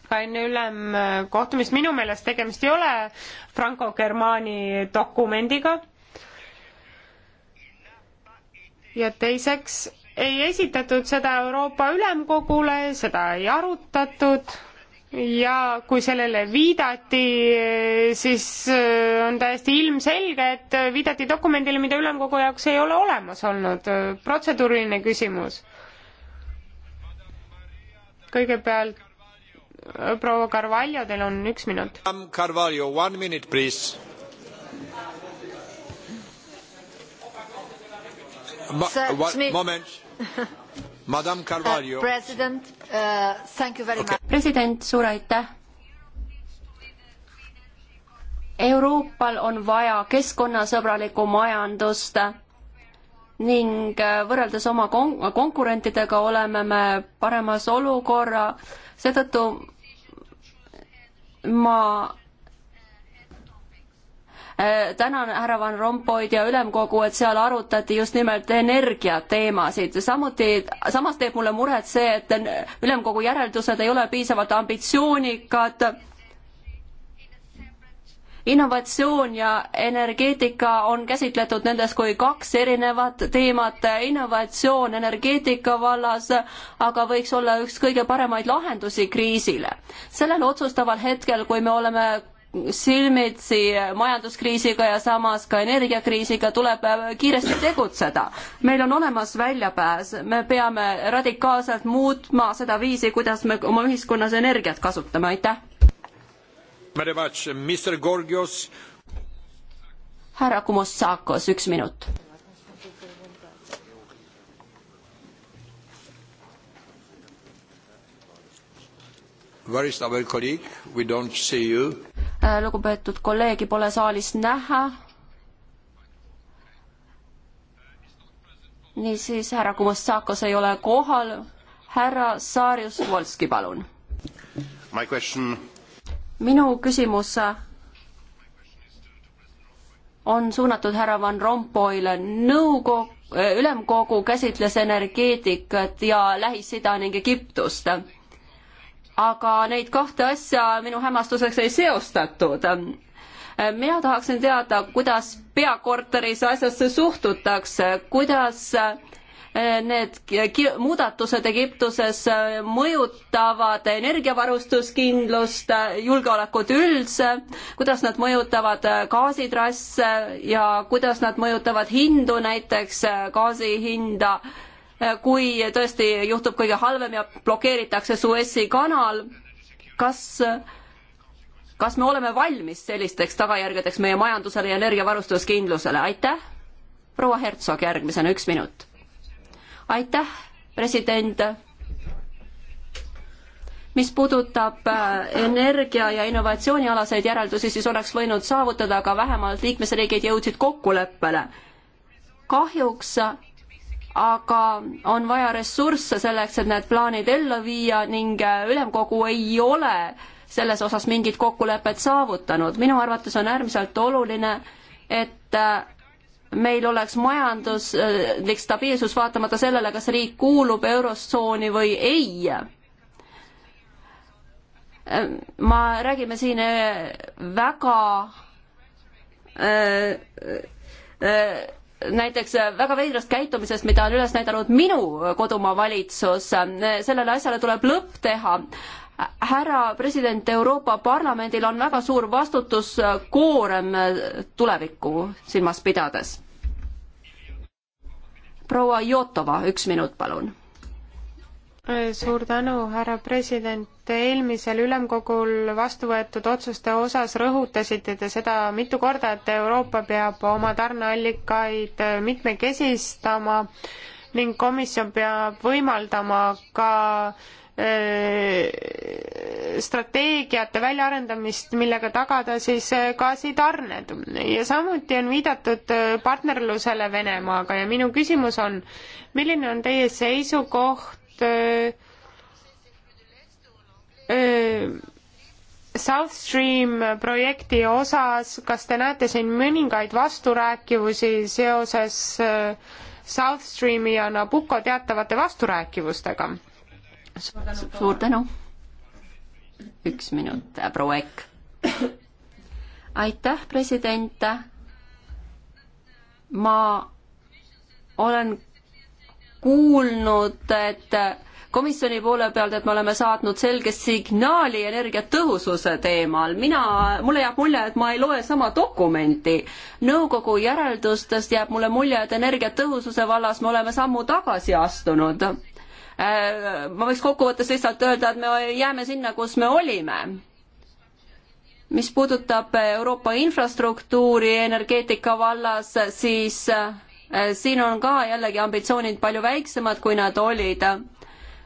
ka enne ülemkohtumist, minu meelest tegemist ei ole Franco Germani dokumendiga ja teiseks ei esitatud seda Euroopa Ülemkogule, seda ei arutatud ja kui sellele viidati, siis äh, on täiesti ilmselge, et viidati dokumendile, mida ülemkogu jaoks ei ole olemas olnud. protseduuriline küsimus. kõigepealt äh, proua Carvalho, teil on üks minut. Carvalho, one minute please Ma, Sir, one, moment. Madame uh, Carvalho. Uh, president, uh, thank you very okay. much. president, suur aitäh. Euroopal on vaja keskkonnasõbralikku majandust ning äh, võrreldes oma kon-, konkurentidega oleme me paremas olukorra, seetõttu ma Äh, tänan härra Van Rompuyd ja ülemkogu, et seal arutati just nimelt energiateemasid. samuti, samas teeb mulle muret see, et ülemkogu järeldused ei ole piisavalt ambitsioonikad innovatsioon ja energeetika on käsitletud nendes kui kaks erinevat teemat, innovatsioon energeetika vallas aga võiks olla üks kõige paremaid lahendusi kriisile. sellel otsustaval hetkel, kui me oleme silmitsi majanduskriisiga ja samas ka energiakriisiga, tuleb äh, kiiresti tegutseda. meil on olemas väljapääs, me peame radikaalselt muutma seda viisi, kuidas me oma ühiskonnas energiat kasutame, aitäh. härra Kumossakos, üks minut. Where is our colleague? We don't see you. Äh, lugupeetud kolleegi pole saalis näha. niisiis, härra Kumastsakos ei ole kohal. härra Saarjus Volski, palun. minu küsimus on suunatud härra Van Rompuyle. nõukogu, äh, ülemkogu käsitles energeetikat ja Lähis-Ida ning Egiptust aga neid kahte asja minu hämmastuseks ei seostatud. mina tahaksin teada, kuidas peakorteris asjasse suhtutakse, kuidas eh, need muudatused Egiptuses eh, mõjutavad energiavarustuskindlust, eh, julgeolekut üldse, kuidas nad mõjutavad gaasitrasse ja kuidas nad mõjutavad hindu, näiteks gaasi hinda kui tõesti juhtub kõige halvem ja blokeeritakse Suessi kanal, kas, kas me oleme valmis sellisteks tagajärgedeks meie majandusele ja energiavarustuskindlusele, aitäh. proua Hertsog, järgmisena üks minut. aitäh, president. mis puudutab äh, energia ja innovatsioonialaseid järeldusi, siis oleks võinud saavutada, aga vähemalt liikmesriigid jõudsid kokkuleppele. kahjuks aga on vaja ressursse selleks, et need plaanid ellu viia ning äh, ülemkogu ei ole selles osas mingit kokkulepet saavutanud. minu arvates on äärmiselt oluline, et äh, meil oleks majanduslik äh, stabiilsus vaatamata sellele, kas riik kuulub eurotsooni või ei. ma, räägime siin väga äh, äh, näiteks väga veidrast käitumisest, mida on üles näidanud minu kodumaa valitsus, sellele asjale tuleb lõpp teha härra president, Euroopa Parlamendil on väga suur vastutuskoorem tulevikku silmas pidades. proua Jotova, üks minut, palun. suur tänu, härra president eelmisel ülemkogul vastu võetud otsuste osas rõhutasite te seda mitu korda, et Euroopa peab oma tarneallikaid mitmekesistama ning komisjon peab võimaldama ka äh, strateegiate väljaarendamist, millega tagada siis äh, gaasitarned ja samuti on viidatud äh, partnerlusele Venemaaga ja minu küsimus on, milline on teie seisukoht äh, Äh, South Stream projekti osas, kas te näete siin mõningaid vasturääkivusi seoses äh, South Streami ja Nabucco teatavate vasturääkivustega? suur tänu. üks minut, äh, proua Ekk. aitäh, president. ma olen kuulnud, et komisjoni poole pealt, et me oleme saatnud selge signaali energiatõhususe teemal. mina, mulle jääb mulje, et ma ei loe sama dokumenti. nõukogu järeldustest jääb mulle mulje, et energiatõhususe vallas me oleme sammu tagasi astunud. Äh, ma võiks kokkuvõttes lihtsalt öelda, et me jääme sinna, kus me olime mis puudutab Euroopa infrastruktuuri energeetika vallas, siis äh, siin on ka jällegi ambitsioonid palju väiksemad, kui nad olid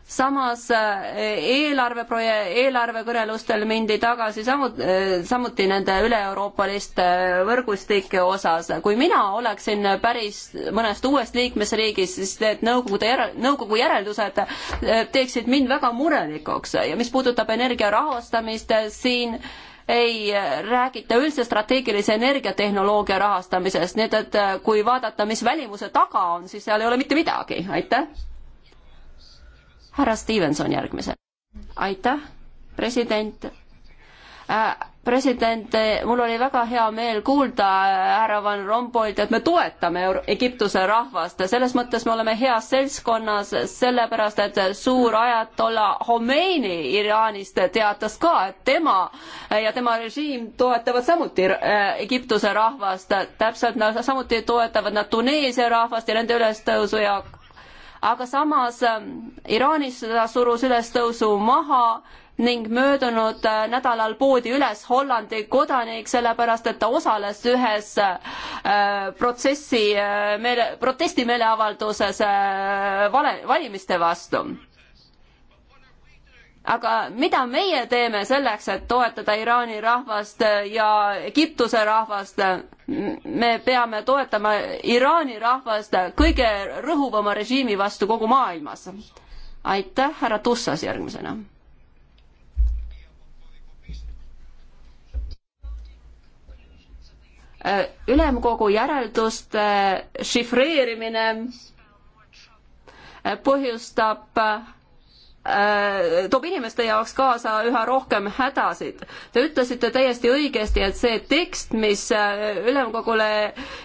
samas eh, eelarveproje-, eelarvekõnelustel mindi tagasi samut-, eh, samuti nende üle-euroopaliste võrgustike osas. kui mina oleksin päris mõnest uuest liikmesriigist, siis need nõukogude järel, nõukogu järeldused eh, teeksid mind väga murelikuks ja mis puudutab energia rahastamist, siin ei räägita üldse strateegilise energiatehnoloogia rahastamisest, nii et, et kui vaadata, mis välimuse taga on, siis seal ei ole mitte midagi, aitäh härra Stevenson järgmisena. aitäh, president äh, president, mul oli väga hea meel kuulda äh, härra Van Rompuyt, et me toetame Egiptuse rahvast, selles mõttes me oleme heas seltskonnas, sellepärast et suur ajatolla Homeini Iraanist teatas ka, et tema äh, ja tema režiim toetavad samuti Egiptuse rahvast, täpselt nad samuti toetavad nad Tuneesia rahvast ja nende ülestõusu ja aga samas ähm, Iraanis seda surus ülestõusu maha ning möödunud äh, nädalal poodi üles Hollandi kodanik, sellepärast et ta osales ühes äh, protsessi äh, meele, protestimeeleavalduses vale, valimiste vastu aga mida meie teeme selleks, et toetada Iraani rahvast ja Egiptuse rahvast? me peame toetama Iraani rahvast kõige rõhuvama režiimi vastu kogu maailmas. aitäh, härra Tussas järgmisena. ülemkogu järelduste šifreerimine põhjustab Äh, toob inimeste jaoks kaasa üha rohkem hädasid. Te ütlesite täiesti õigesti, et see tekst, mis äh, ülemkogule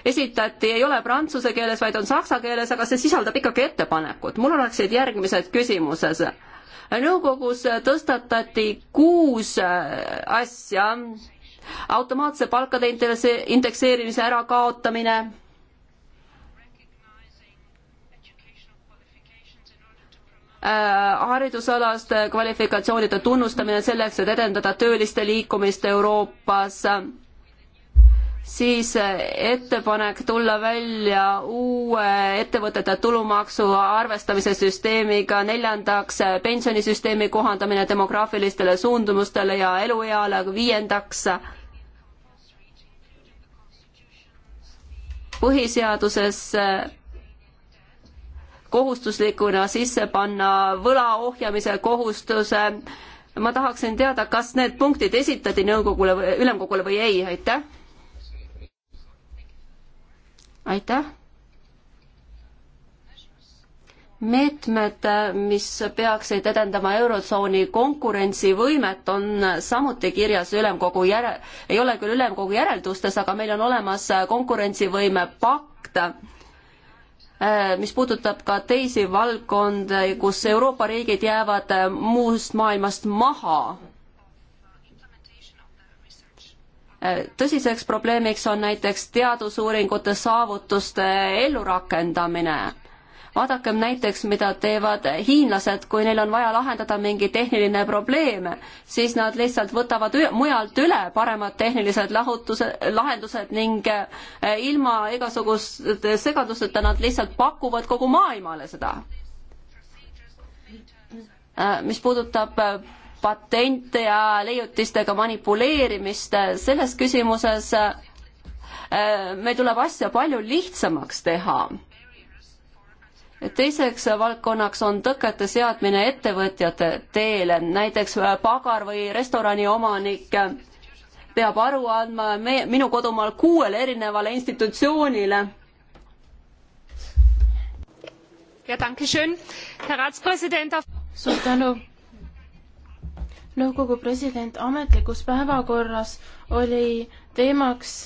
esitati, ei ole prantsuse keeles, vaid on saksa keeles, aga see sisaldab ikkagi ettepanekut. mul oleksid järgmised küsimused. nõukogus tõstatati kuus äh, asja, automaatse palkade indekseerimise ärakaotamine Äh, haridusalaste kvalifikatsioonide tunnustamine selleks, et edendada tööliste liikumist Euroopas, siis äh, ettepanek tulla välja uue ettevõtete tulumaksu arvestamise süsteemiga, neljandaks äh, pensionisüsteemi kohandamine demograafilistele suundumustele ja elueale, viiendaks põhiseaduses kohustuslikuna sisse panna võla ohjamise kohustuse. ma tahaksin teada, kas need punktid esitati nõukogule või ülemkogule või ei, aitäh. aitäh meetmed, mis peaksid edendama Eurotsooni konkurentsivõimet, on samuti kirjas ülemkogu järe-, ei ole küll ülemkogu järeldustes, aga meil on olemas konkurentsivõime pakt Äh, mis puudutab ka teisi valdkondi, kus Euroopa riigid jäävad äh, muust maailmast maha. Äh, tõsiseks probleemiks on näiteks teadusuuringute saavutuste ellurakendamine vaadakem näiteks, mida teevad hiinlased, kui neil on vaja lahendada mingi tehniline probleem, siis nad lihtsalt võtavad mujalt üle paremad tehnilised lahutuse, lahendused ning eh, ilma igasuguste segadusteta nad lihtsalt pakuvad kogu maailmale seda. Eh, mis puudutab eh, patente ja leiutistega manipuleerimist, selles küsimuses meil tuleb asja palju lihtsamaks teha teiseks valdkonnaks on tõkete seadmine ettevõtjate teele, näiteks äh, pagar või restorani omanik peab aru andma meie, minu kodumaal kuuele erinevale institutsioonile. suur tänu. nõukogu president ametlikus päevakorras oli teemaks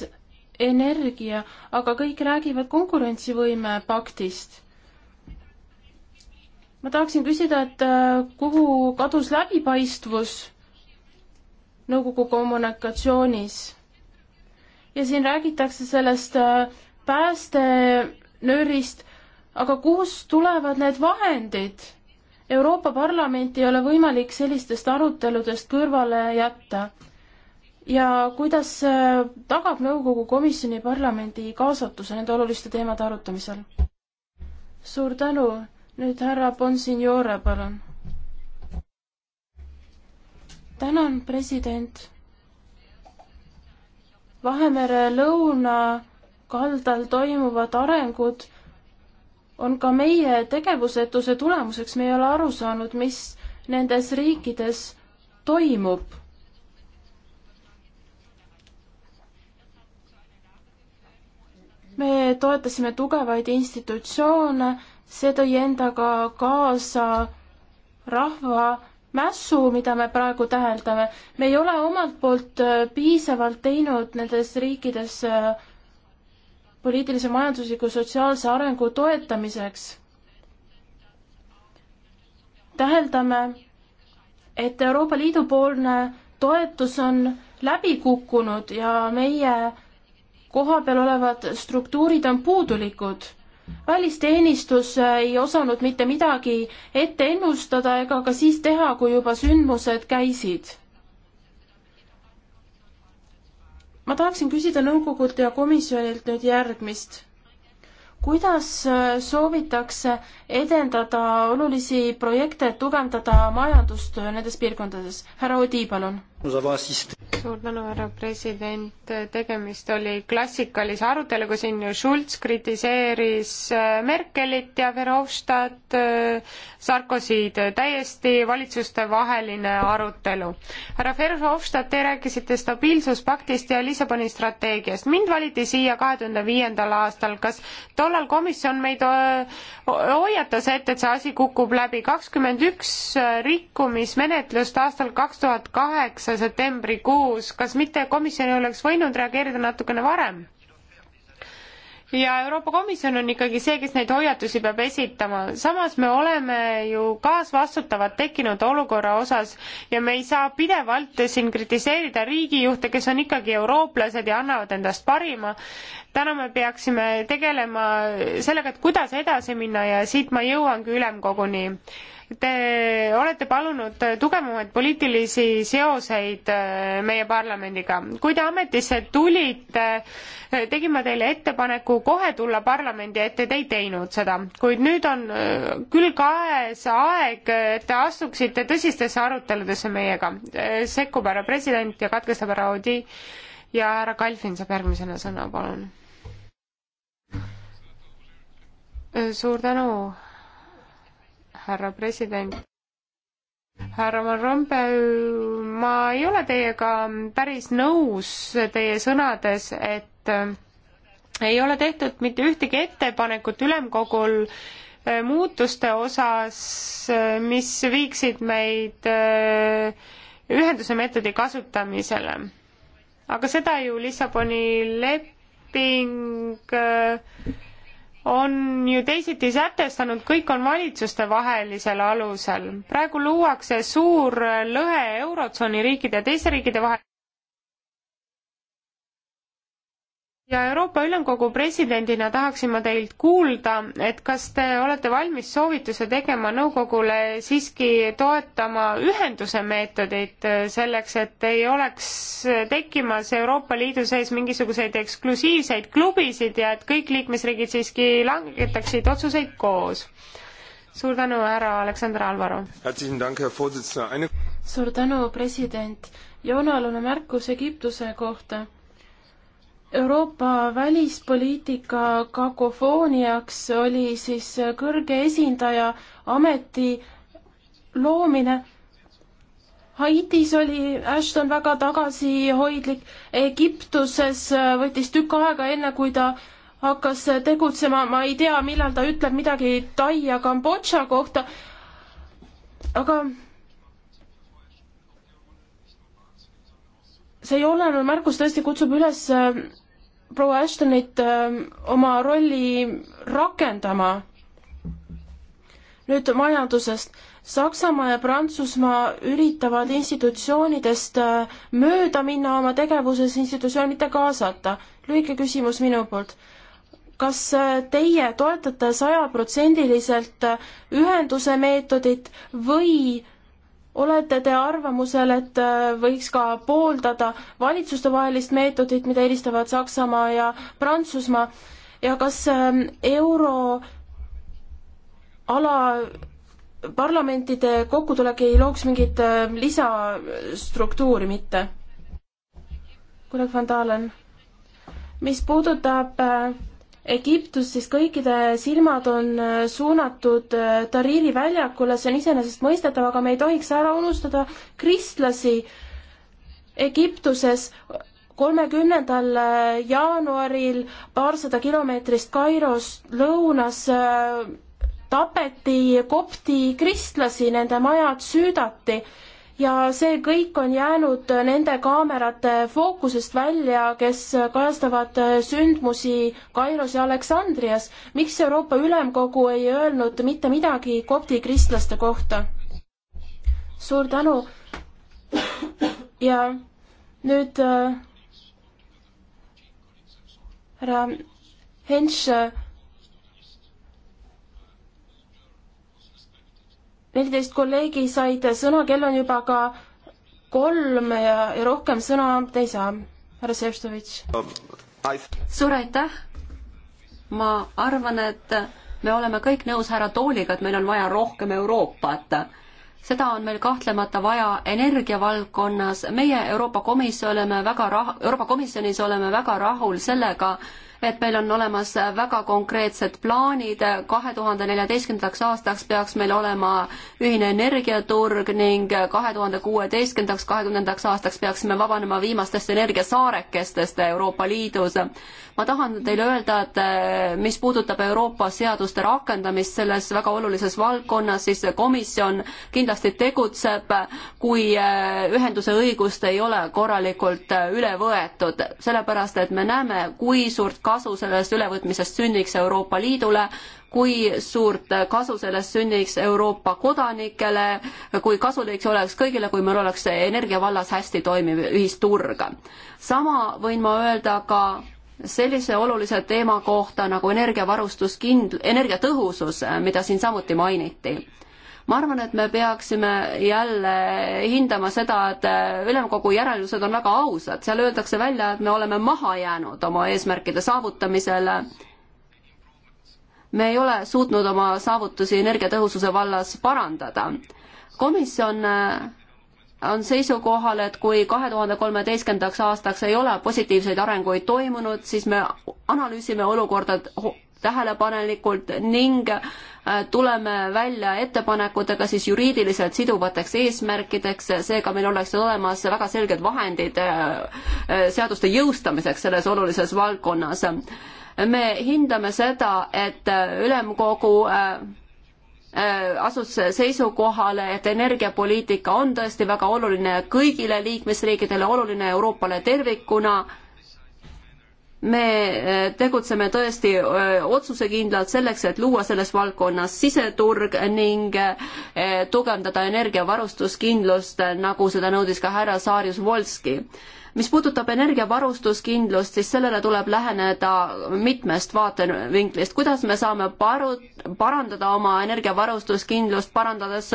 energia, aga kõik räägivad konkurentsivõime paktist ma tahaksin küsida, et äh, kuhu kadus läbipaistvus nõukogu kommunikatsioonis? ja siin räägitakse sellest äh, päästenöörist, aga kust tulevad need vahendid? Euroopa Parlamenti ei ole võimalik sellistest aruteludest kõrvale jätta. ja kuidas äh, tagab nõukogu komisjoni parlamendi kaasatuse nende oluliste teemade arutamisel? suur tänu nüüd härra Bonsignore, palun. tänan, president. Vahemere lõunakaldal toimuvad arengud on ka meie tegevusetuse tulemuseks, me ei ole aru saanud, mis nendes riikides toimub me toetasime tugevaid institutsioone, see tõi endaga kaasa rahva mässu, mida me praegu täheldame. me ei ole omalt poolt äh, piisavalt teinud nendes riikides äh, poliitilise, majandusliku, sotsiaalse arengu toetamiseks. täheldame, et Euroopa Liidu poolne toetus on läbi kukkunud ja meie kohapeal olevad struktuurid on puudulikud välisteenistus ei osanud mitte midagi ette ennustada ega ka siis teha, kui juba sündmused käisid. ma tahaksin küsida nõukogult ja komisjonilt nüüd järgmist. kuidas äh, soovitakse edendada olulisi projekte, et tugevdada majandust äh, nendes piirkondades? härra Odi, palun suur tänu, härra president, tegemist oli klassikalise aruteluga, siin Schulz kritiseeris äh, Merkelit ja Verhofstadt, äh, Sarkozyd, täiesti valitsustevaheline arutelu. härra Verhofstadt, te rääkisite stabiilsuspaktist ja Lissaboni strateegiast. mind valiti siia kahe tuhande viiendal aastal, kas tollal komisjon meid äh, hoiatas ette, et see asi kukub läbi? kakskümmend üks rikkumismenetlust aastal kaks tuhat kaheksa aasta septembrikuus, kas mitte komisjon ei oleks võinud reageerida natukene varem? ja Euroopa Komisjon on ikkagi see, kes neid hoiatusi peab esitama. samas me oleme ju kaasvastutavad tekkinud olukorra osas ja me ei saa pidevalt siin kritiseerida riigijuhte, kes on ikkagi eurooplased ja annavad endast parima. täna me peaksime tegelema sellega, et kuidas edasi minna ja siit ma jõuangi ülemkoguni Te olete palunud tugevamaid poliitilisi seoseid äh, meie parlamendiga. kui te ametisse tulite, äh, tegin ma teile ettepaneku kohe tulla parlamendi ette, te ei teinud seda, kuid nüüd on äh, küll käes aeg, et te astuksite tõsistesse aruteludesse meiega. sekkub härra president ja katkestab härra Odi ja härra Kalfin saab järgmisena sõna, palun. suur tänu härra president. härra Van Rompuy, ma ei ole teiega päris nõus teie sõnades, et äh, ei ole tehtud mitte ühtegi ettepanekut ülemkogul äh, muutuste osas, äh, mis viiksid meid ühenduse meetodi kasutamisele. aga seda ju Lissaboni leping on ju teisiti sätestanud, kõik on valitsustevahelisel alusel. praegu luuakse suur lõhe Eurotsooni riikide ja teiste riikide vahel. ja Euroopa Ülemkogu presidendina tahaksin ma teilt kuulda, et kas te olete valmis soovituse tegema nõukogule siiski toetama ühenduse meetodit äh, selleks, et ei oleks äh, tekkimas Euroopa Liidu sees mingisuguseid eksklusiivseid klubisid ja et kõik liikmesriigid siiski langetaksid otsuseid koos? suur tänu, härra Aleksander Alvaru! suur tänu, president! Joonal on märkus Egiptuse kohta Euroopa välispoliitika kakofooniaks oli siis kõrge esindaja ameti loomine. Haitis oli Ashton väga tagasihoidlik, Egiptuses võttis tükk aega, enne kui ta hakkas tegutsema, ma ei tea, millal ta ütleb midagi Tai ja Kambodža kohta, aga see jooneline märkus tõesti kutsub üles proua Ashtonit ähm, oma rolli rakendama. nüüd majandusest. Saksamaa ja Prantsusmaa üritavad institutsioonidest äh, mööda minna oma tegevuses, institutsioone mitte kaasata. lühike küsimus minu poolt. kas äh, teie toetate sajaprotsendiliselt äh, ühenduse meetodit või olete te arvamusel, et äh, võiks ka pooldada valitsustevahelist meetodit, mida eelistavad Saksamaa ja Prantsusmaa ja kas ähm, euroala parlamentide kokkutulek ei looks mingit ähm, lisastruktuuri mitte? kolleeg Van Dalen, mis puudutab äh, Egiptus, siis kõikide silmad on äh, suunatud äh, Tariri väljakule, see on iseenesestmõistetav, aga me ei tohiks ära unustada kristlasi Egiptuses kolmekümnendal äh, jaanuaril paarsada kilomeetrist Kairost lõunas tapeti kopti kristlasi, nende majad süüdati ja see kõik on jäänud nende kaamerate fookusest välja, kes kajastavad sündmusi Kairos ja Aleksandrias. miks Euroopa Ülemkogu ei öelnud mitte midagi kopti kristlaste kohta? suur tänu. ja nüüd äh, härra äh, Henš äh, neliteist kolleegi said sõna, kell on juba ka kolm ja, ja rohkem sõna te ei saa, härra Šefčovitš. suur aitäh! ma arvan, et me oleme kõik nõus härra Tooliga, et meil on vaja rohkem Euroopat. seda on meil kahtlemata vaja energiavaldkonnas, meie Euroopa Komisjon oleme väga rah-, Euroopa Komisjonis oleme väga rahul sellega, et meil on olemas väga konkreetsed plaanid, kahe tuhande neljateistkümnendaks aastaks peaks meil olema ühine energiaturg ning kahe tuhande kuueteistkümnendaks, kahekümnendaks aastaks peaksime vabanema viimastest energiasaarekestest Euroopa Liidus ma tahan teile öelda, et eh, mis puudutab Euroopa seaduste rakendamist selles väga olulises valdkonnas, siis komisjon kindlasti tegutseb, kui eh, ühenduse õigust ei ole korralikult eh, üle võetud, sellepärast et me näeme, kui suurt kasu sellest ülevõtmisest sünniks Euroopa Liidule, kui suurt kasu sellest sünniks Euroopa kodanikele, kui kasulik see oleks kõigile, kui meil oleks energia vallas hästi toimiv ühisturg. sama võin ma öelda ka sellise olulise teema kohta nagu energiavarustuskind-, energiatõhusus, mida siin samuti mainiti. ma arvan, et me peaksime jälle hindama seda, et äh, ülemkogu järeldused on väga ausad, seal öeldakse välja, et me oleme maha jäänud oma eesmärkide saavutamisel. me ei ole suutnud oma saavutusi energiatõhususe vallas parandada. komisjon äh, on seisukohal, et kui kahe tuhande kolmeteistkümnendaks aastaks ei ole positiivseid arenguid toimunud, siis me analüüsime olukorda tähelepanelikult ning äh, tuleme välja ettepanekutega siis juriidiliselt siduvateks eesmärkideks, seega meil oleks olemas väga selged vahendid äh, äh, seaduste jõustamiseks selles olulises valdkonnas. me hindame seda, et ülemkogu Äh, asus seisukohale, et energiapoliitika on tõesti väga oluline kõigile liikmesriikidele, oluline Euroopale tervikuna. me äh, tegutseme tõesti äh, otsusekindlalt selleks, et luua selles valdkonnas siseturg ning tugevdada energiavarustuskindlust, nagu seda nõudis ka härra Saarjus-Volski mis puudutab energiavarustuskindlust, siis sellele tuleb läheneda mitmest vaatevinklist, kuidas me saame paru-, parandada oma energiavarustuskindlust, parandades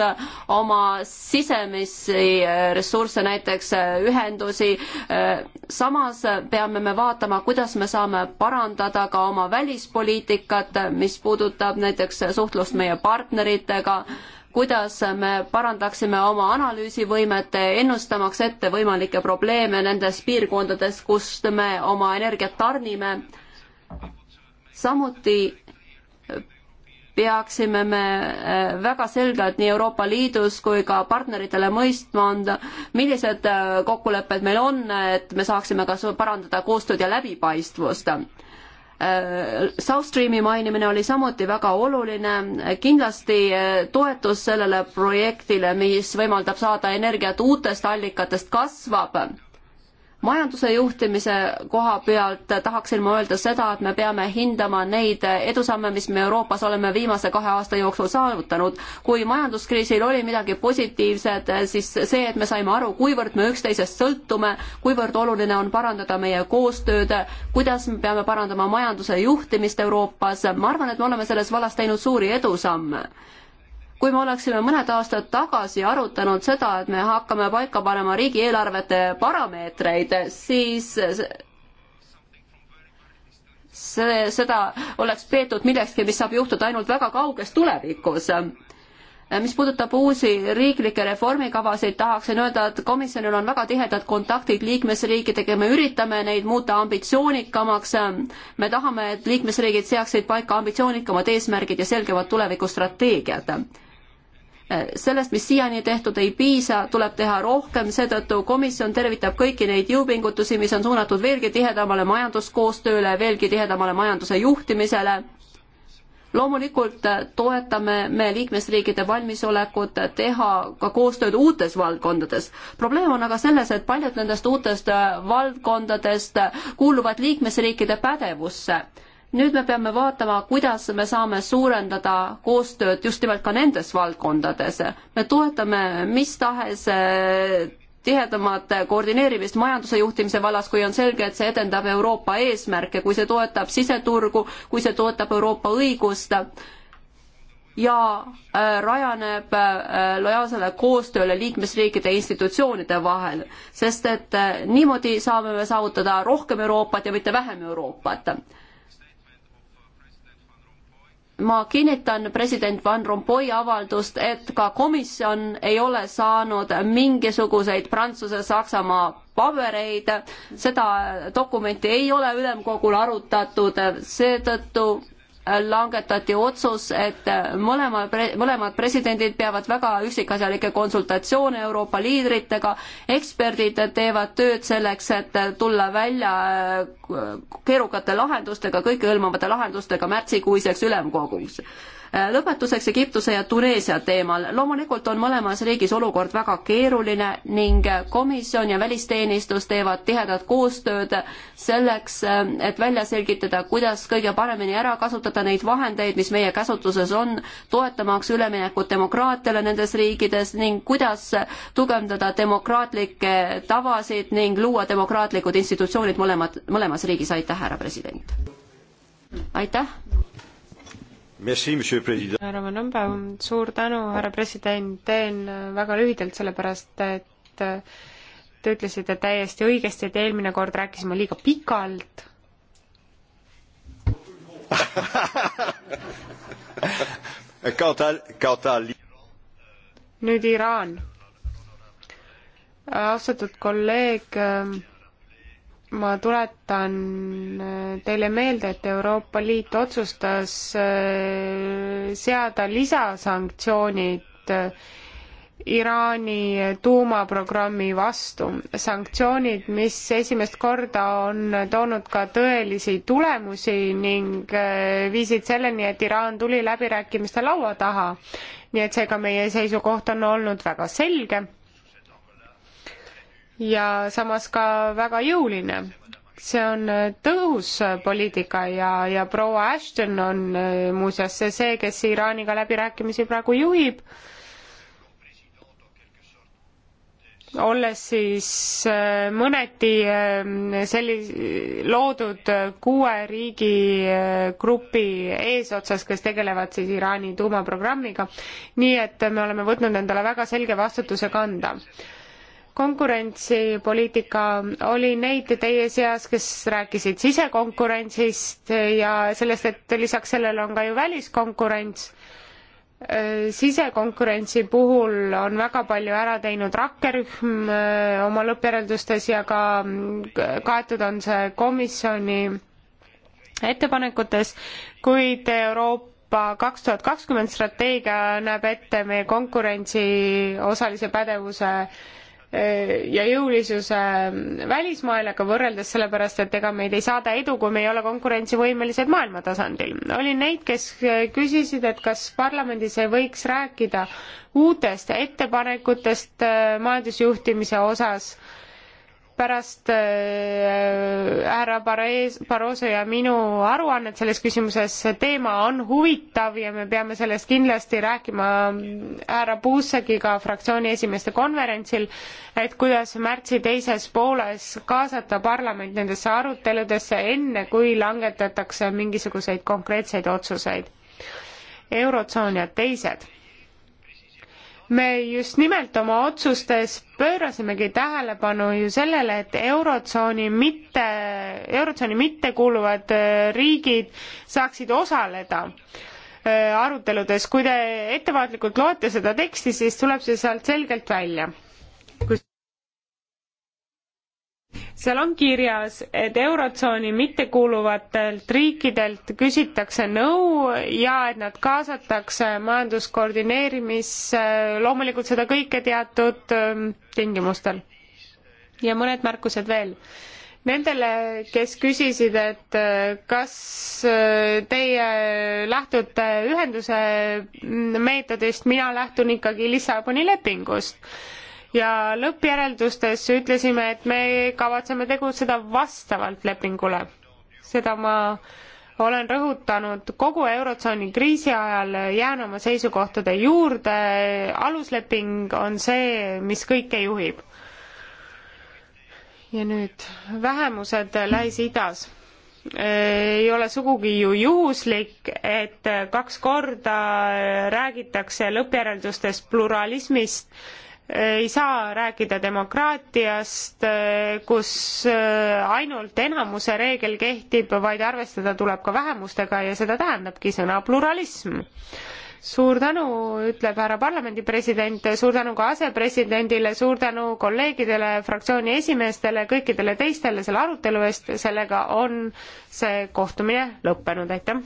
oma sisemisi äh, ressursse, näiteks äh, ühendusi, äh, samas peame me vaatama, kuidas me saame parandada ka oma välispoliitikat, mis puudutab näiteks suhtlust meie partneritega, kuidas me parandaksime oma analüüsivõimet, ennustamaks ette võimalikke probleeme nendes piirkondades, kust me oma energiat tarnime. samuti peaksime me eh, väga selgelt nii Euroopa Liidus kui ka partneritele mõistma anda, millised eh, kokkulepped meil on, et me saaksime ka parandada koostööd ja läbipaistvust Äh, South Streami mainimine oli samuti väga oluline, kindlasti äh, toetus sellele projektile, mis võimaldab saada energiat uutest allikatest, kasvab majanduse juhtimise koha pealt tahaksin ma öelda seda, et me peame hindama neid edusamme, mis me Euroopas oleme viimase kahe aasta jooksul saavutanud. kui majanduskriisil oli midagi positiivset, siis see, et me saime aru, kuivõrd me üksteisest sõltume, kuivõrd oluline on parandada meie koostööd, kuidas me peame parandama majanduse juhtimist Euroopas, ma arvan, et me oleme selles vallas teinud suuri edusamme kui me oleksime mõned aastad tagasi arutanud seda, et me hakkame paika panema riigieelarvete parameetreid, siis see, seda oleks peetud millekski, mis saab juhtuda ainult väga kauges tulevikus mis puudutab uusi riiklikke reformikavasid, tahaksin öelda, et komisjonil on väga tihedad kontaktid liikmesriikidega ja me üritame neid muuta ambitsioonikamaks. me tahame, et liikmesriigid seaksid paika ambitsioonikamad eesmärgid ja selgemad tulevikustrateegiad sellest, mis siiani tehtud ei piisa, tuleb teha rohkem, seetõttu komisjon tervitab kõiki neid jõupingutusi, mis on suunatud veelgi tihedamale majanduskoostööle, veelgi tihedamale majanduse juhtimisele. loomulikult toetame me liikmesriikide valmisolekut teha ka koostööd uutes valdkondades. probleem on aga selles, et paljud nendest uutest valdkondadest kuuluvad liikmesriikide pädevusse nüüd me peame vaatama, kuidas me saame suurendada koostööd just nimelt ka nendes valdkondades. me toetame mis tahes eh, tihedamat koordineerimist majanduse juhtimise vallas, kui on selge, et see edendab Euroopa eesmärke, kui see toetab siseturgu, kui see toetab Euroopa õigust ja eh, rajaneb eh, lojaalsele koostööle liikmesriikide institutsioonide vahel, sest et niimoodi saame me saavutada rohkem Euroopat ja mitte vähem Euroopat ma kinnitan president Van Rompuy avaldust, et ka komisjon ei ole saanud mingisuguseid Prantsuse-Saksamaa pabereid, seda dokumenti ei ole ülemkogul arutatud, seetõttu langetati otsus, et mõlema, mõlemad presidendid peavad väga üksikasjalikke konsultatsioone Euroopa liidritega, eksperdid teevad tööd selleks, et tulla välja äh, keerukate lahendustega, kõikehõlmavate lahendustega märtsikuiseks ülemkogus Äh, lõpetuseks Egiptuse ja Tuneesia teemal. loomulikult on mõlemas riigis olukord väga keeruline ning komisjon ja välisteenistus teevad tihedat koostööd selleks, äh, et välja selgitada, kuidas kõige paremini ära kasutada neid vahendeid, mis meie käsutuses on, toetamaks üleminekut demokraatiale nendes riikides ning kuidas tugevdada demokraatlikke tavasid ning luua demokraatlikud institutsioonid mõlemad, mõlemas riigis. aitäh, härra president! aitäh! härra Manõmba, suur tänu, härra president, teen äh, väga lühidalt, sellepärast et äh, te ütlesite täiesti õigesti, et eelmine kord rääkisime liiga pikalt nüüd Iraan. austatud kolleeg ähm, ma tuletan äh, teile meelde, et Euroopa Liit otsustas äh, seada lisasanktsioonid äh, Iraani tuumaprogrammi vastu. sanktsioonid, mis esimest korda on toonud ka tõelisi tulemusi ning viisid selleni, et Iraan tuli läbirääkimiste laua taha. nii et seega meie seisukoht on olnud väga selge ja samas ka väga jõuline. see on äh, tõhus äh, poliitika ja, ja proua Ashton on äh, muuseas see, kes Iraaniga läbirääkimisi praegu juhib, olles siis mõneti selli-, loodud kuue riigi grupi eesotsas, kes tegelevad siis Iraani tuumaprogrammiga, nii et me oleme võtnud endale väga selge vastutuse kanda konkurentsipoliitika, oli neid teie seas, kes rääkisid sisekonkurentsist ja sellest, et lisaks sellele on ka ju väliskonkurents. sisekonkurentsi puhul on väga palju ära teinud rakkerühm äh, oma lõppjäreldustes ja ka kaetud on see komisjoni ettepanekutes, kuid Euroopa Euroopa kaks tuhat kakskümmend strateegia näeb ette meie konkurentsi osalise pädevuse Eh, ja jõulisuse välismaailmaga võrreldes, sellepärast et ega meid ei saada edu, kui me ei ole konkurentsivõimelised maailma tasandil. oli neid, kes eh, küsisid, et kas parlamendis ei võiks rääkida uutest ettepanekutest eh, majandusjuhtimise osas äh, pärast äh, härra Barroso ja minu aruannet selles küsimuses, see teema on huvitav ja me peame sellest kindlasti rääkima härra Puusekiga fraktsiooni esimeeste konverentsil, et kuidas märtsi teises pooles kaasata parlament nendesse aruteludesse, enne kui langetatakse mingisuguseid konkreetseid otsuseid. eurotsoon ja teised me just nimelt oma otsustes pöörasimegi tähelepanu ju sellele, et Eurotsooni mitte, Eurotsooni mittekuuluvad äh, riigid saaksid osaleda äh, aruteludes. kui te ettevaatlikult loete seda teksti, siis tuleb see sealt selgelt välja. kus seal on kirjas, et Eurotsooni mittekuuluvatelt riikidelt küsitakse nõu ja et nad kaasatakse majanduskoordineerimisse, loomulikult seda kõike teatud ähm, tingimustel. ja mõned märkused veel nendele, kes küsisid, et äh, kas äh, teie lähtute ühenduse mm, meetodist, mina lähtun ikkagi Lissaboni lepingust ja lõppjäreldustes ütlesime, et me kavatseme tegutseda vastavalt lepingule. seda ma olen rõhutanud kogu Eurotsooni kriisi ajal, jään oma seisukohtade juurde, alusleping on see, mis kõike juhib. ja nüüd vähemused Lähis-Idas ei ole sugugi ju juhuslik, et kaks korda räägitakse lõppjäreldustes pluralismist ei saa rääkida demokraatiast, kus äh, ainult enamuse reegel kehtib, vaid arvestada tuleb ka vähemustega ja seda tähendabki sõna pluralism. suur tänu, ütleb härra parlamendi president, suur tänu ka asepresidendile, suur tänu kolleegidele, fraktsiooni esimeestele, kõikidele teistele selle arutelu eest, sellega on see kohtumine lõppenud, aitäh.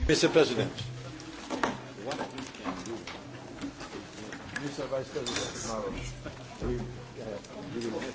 Mr. Vice President, tomorrow. We, uh, we will have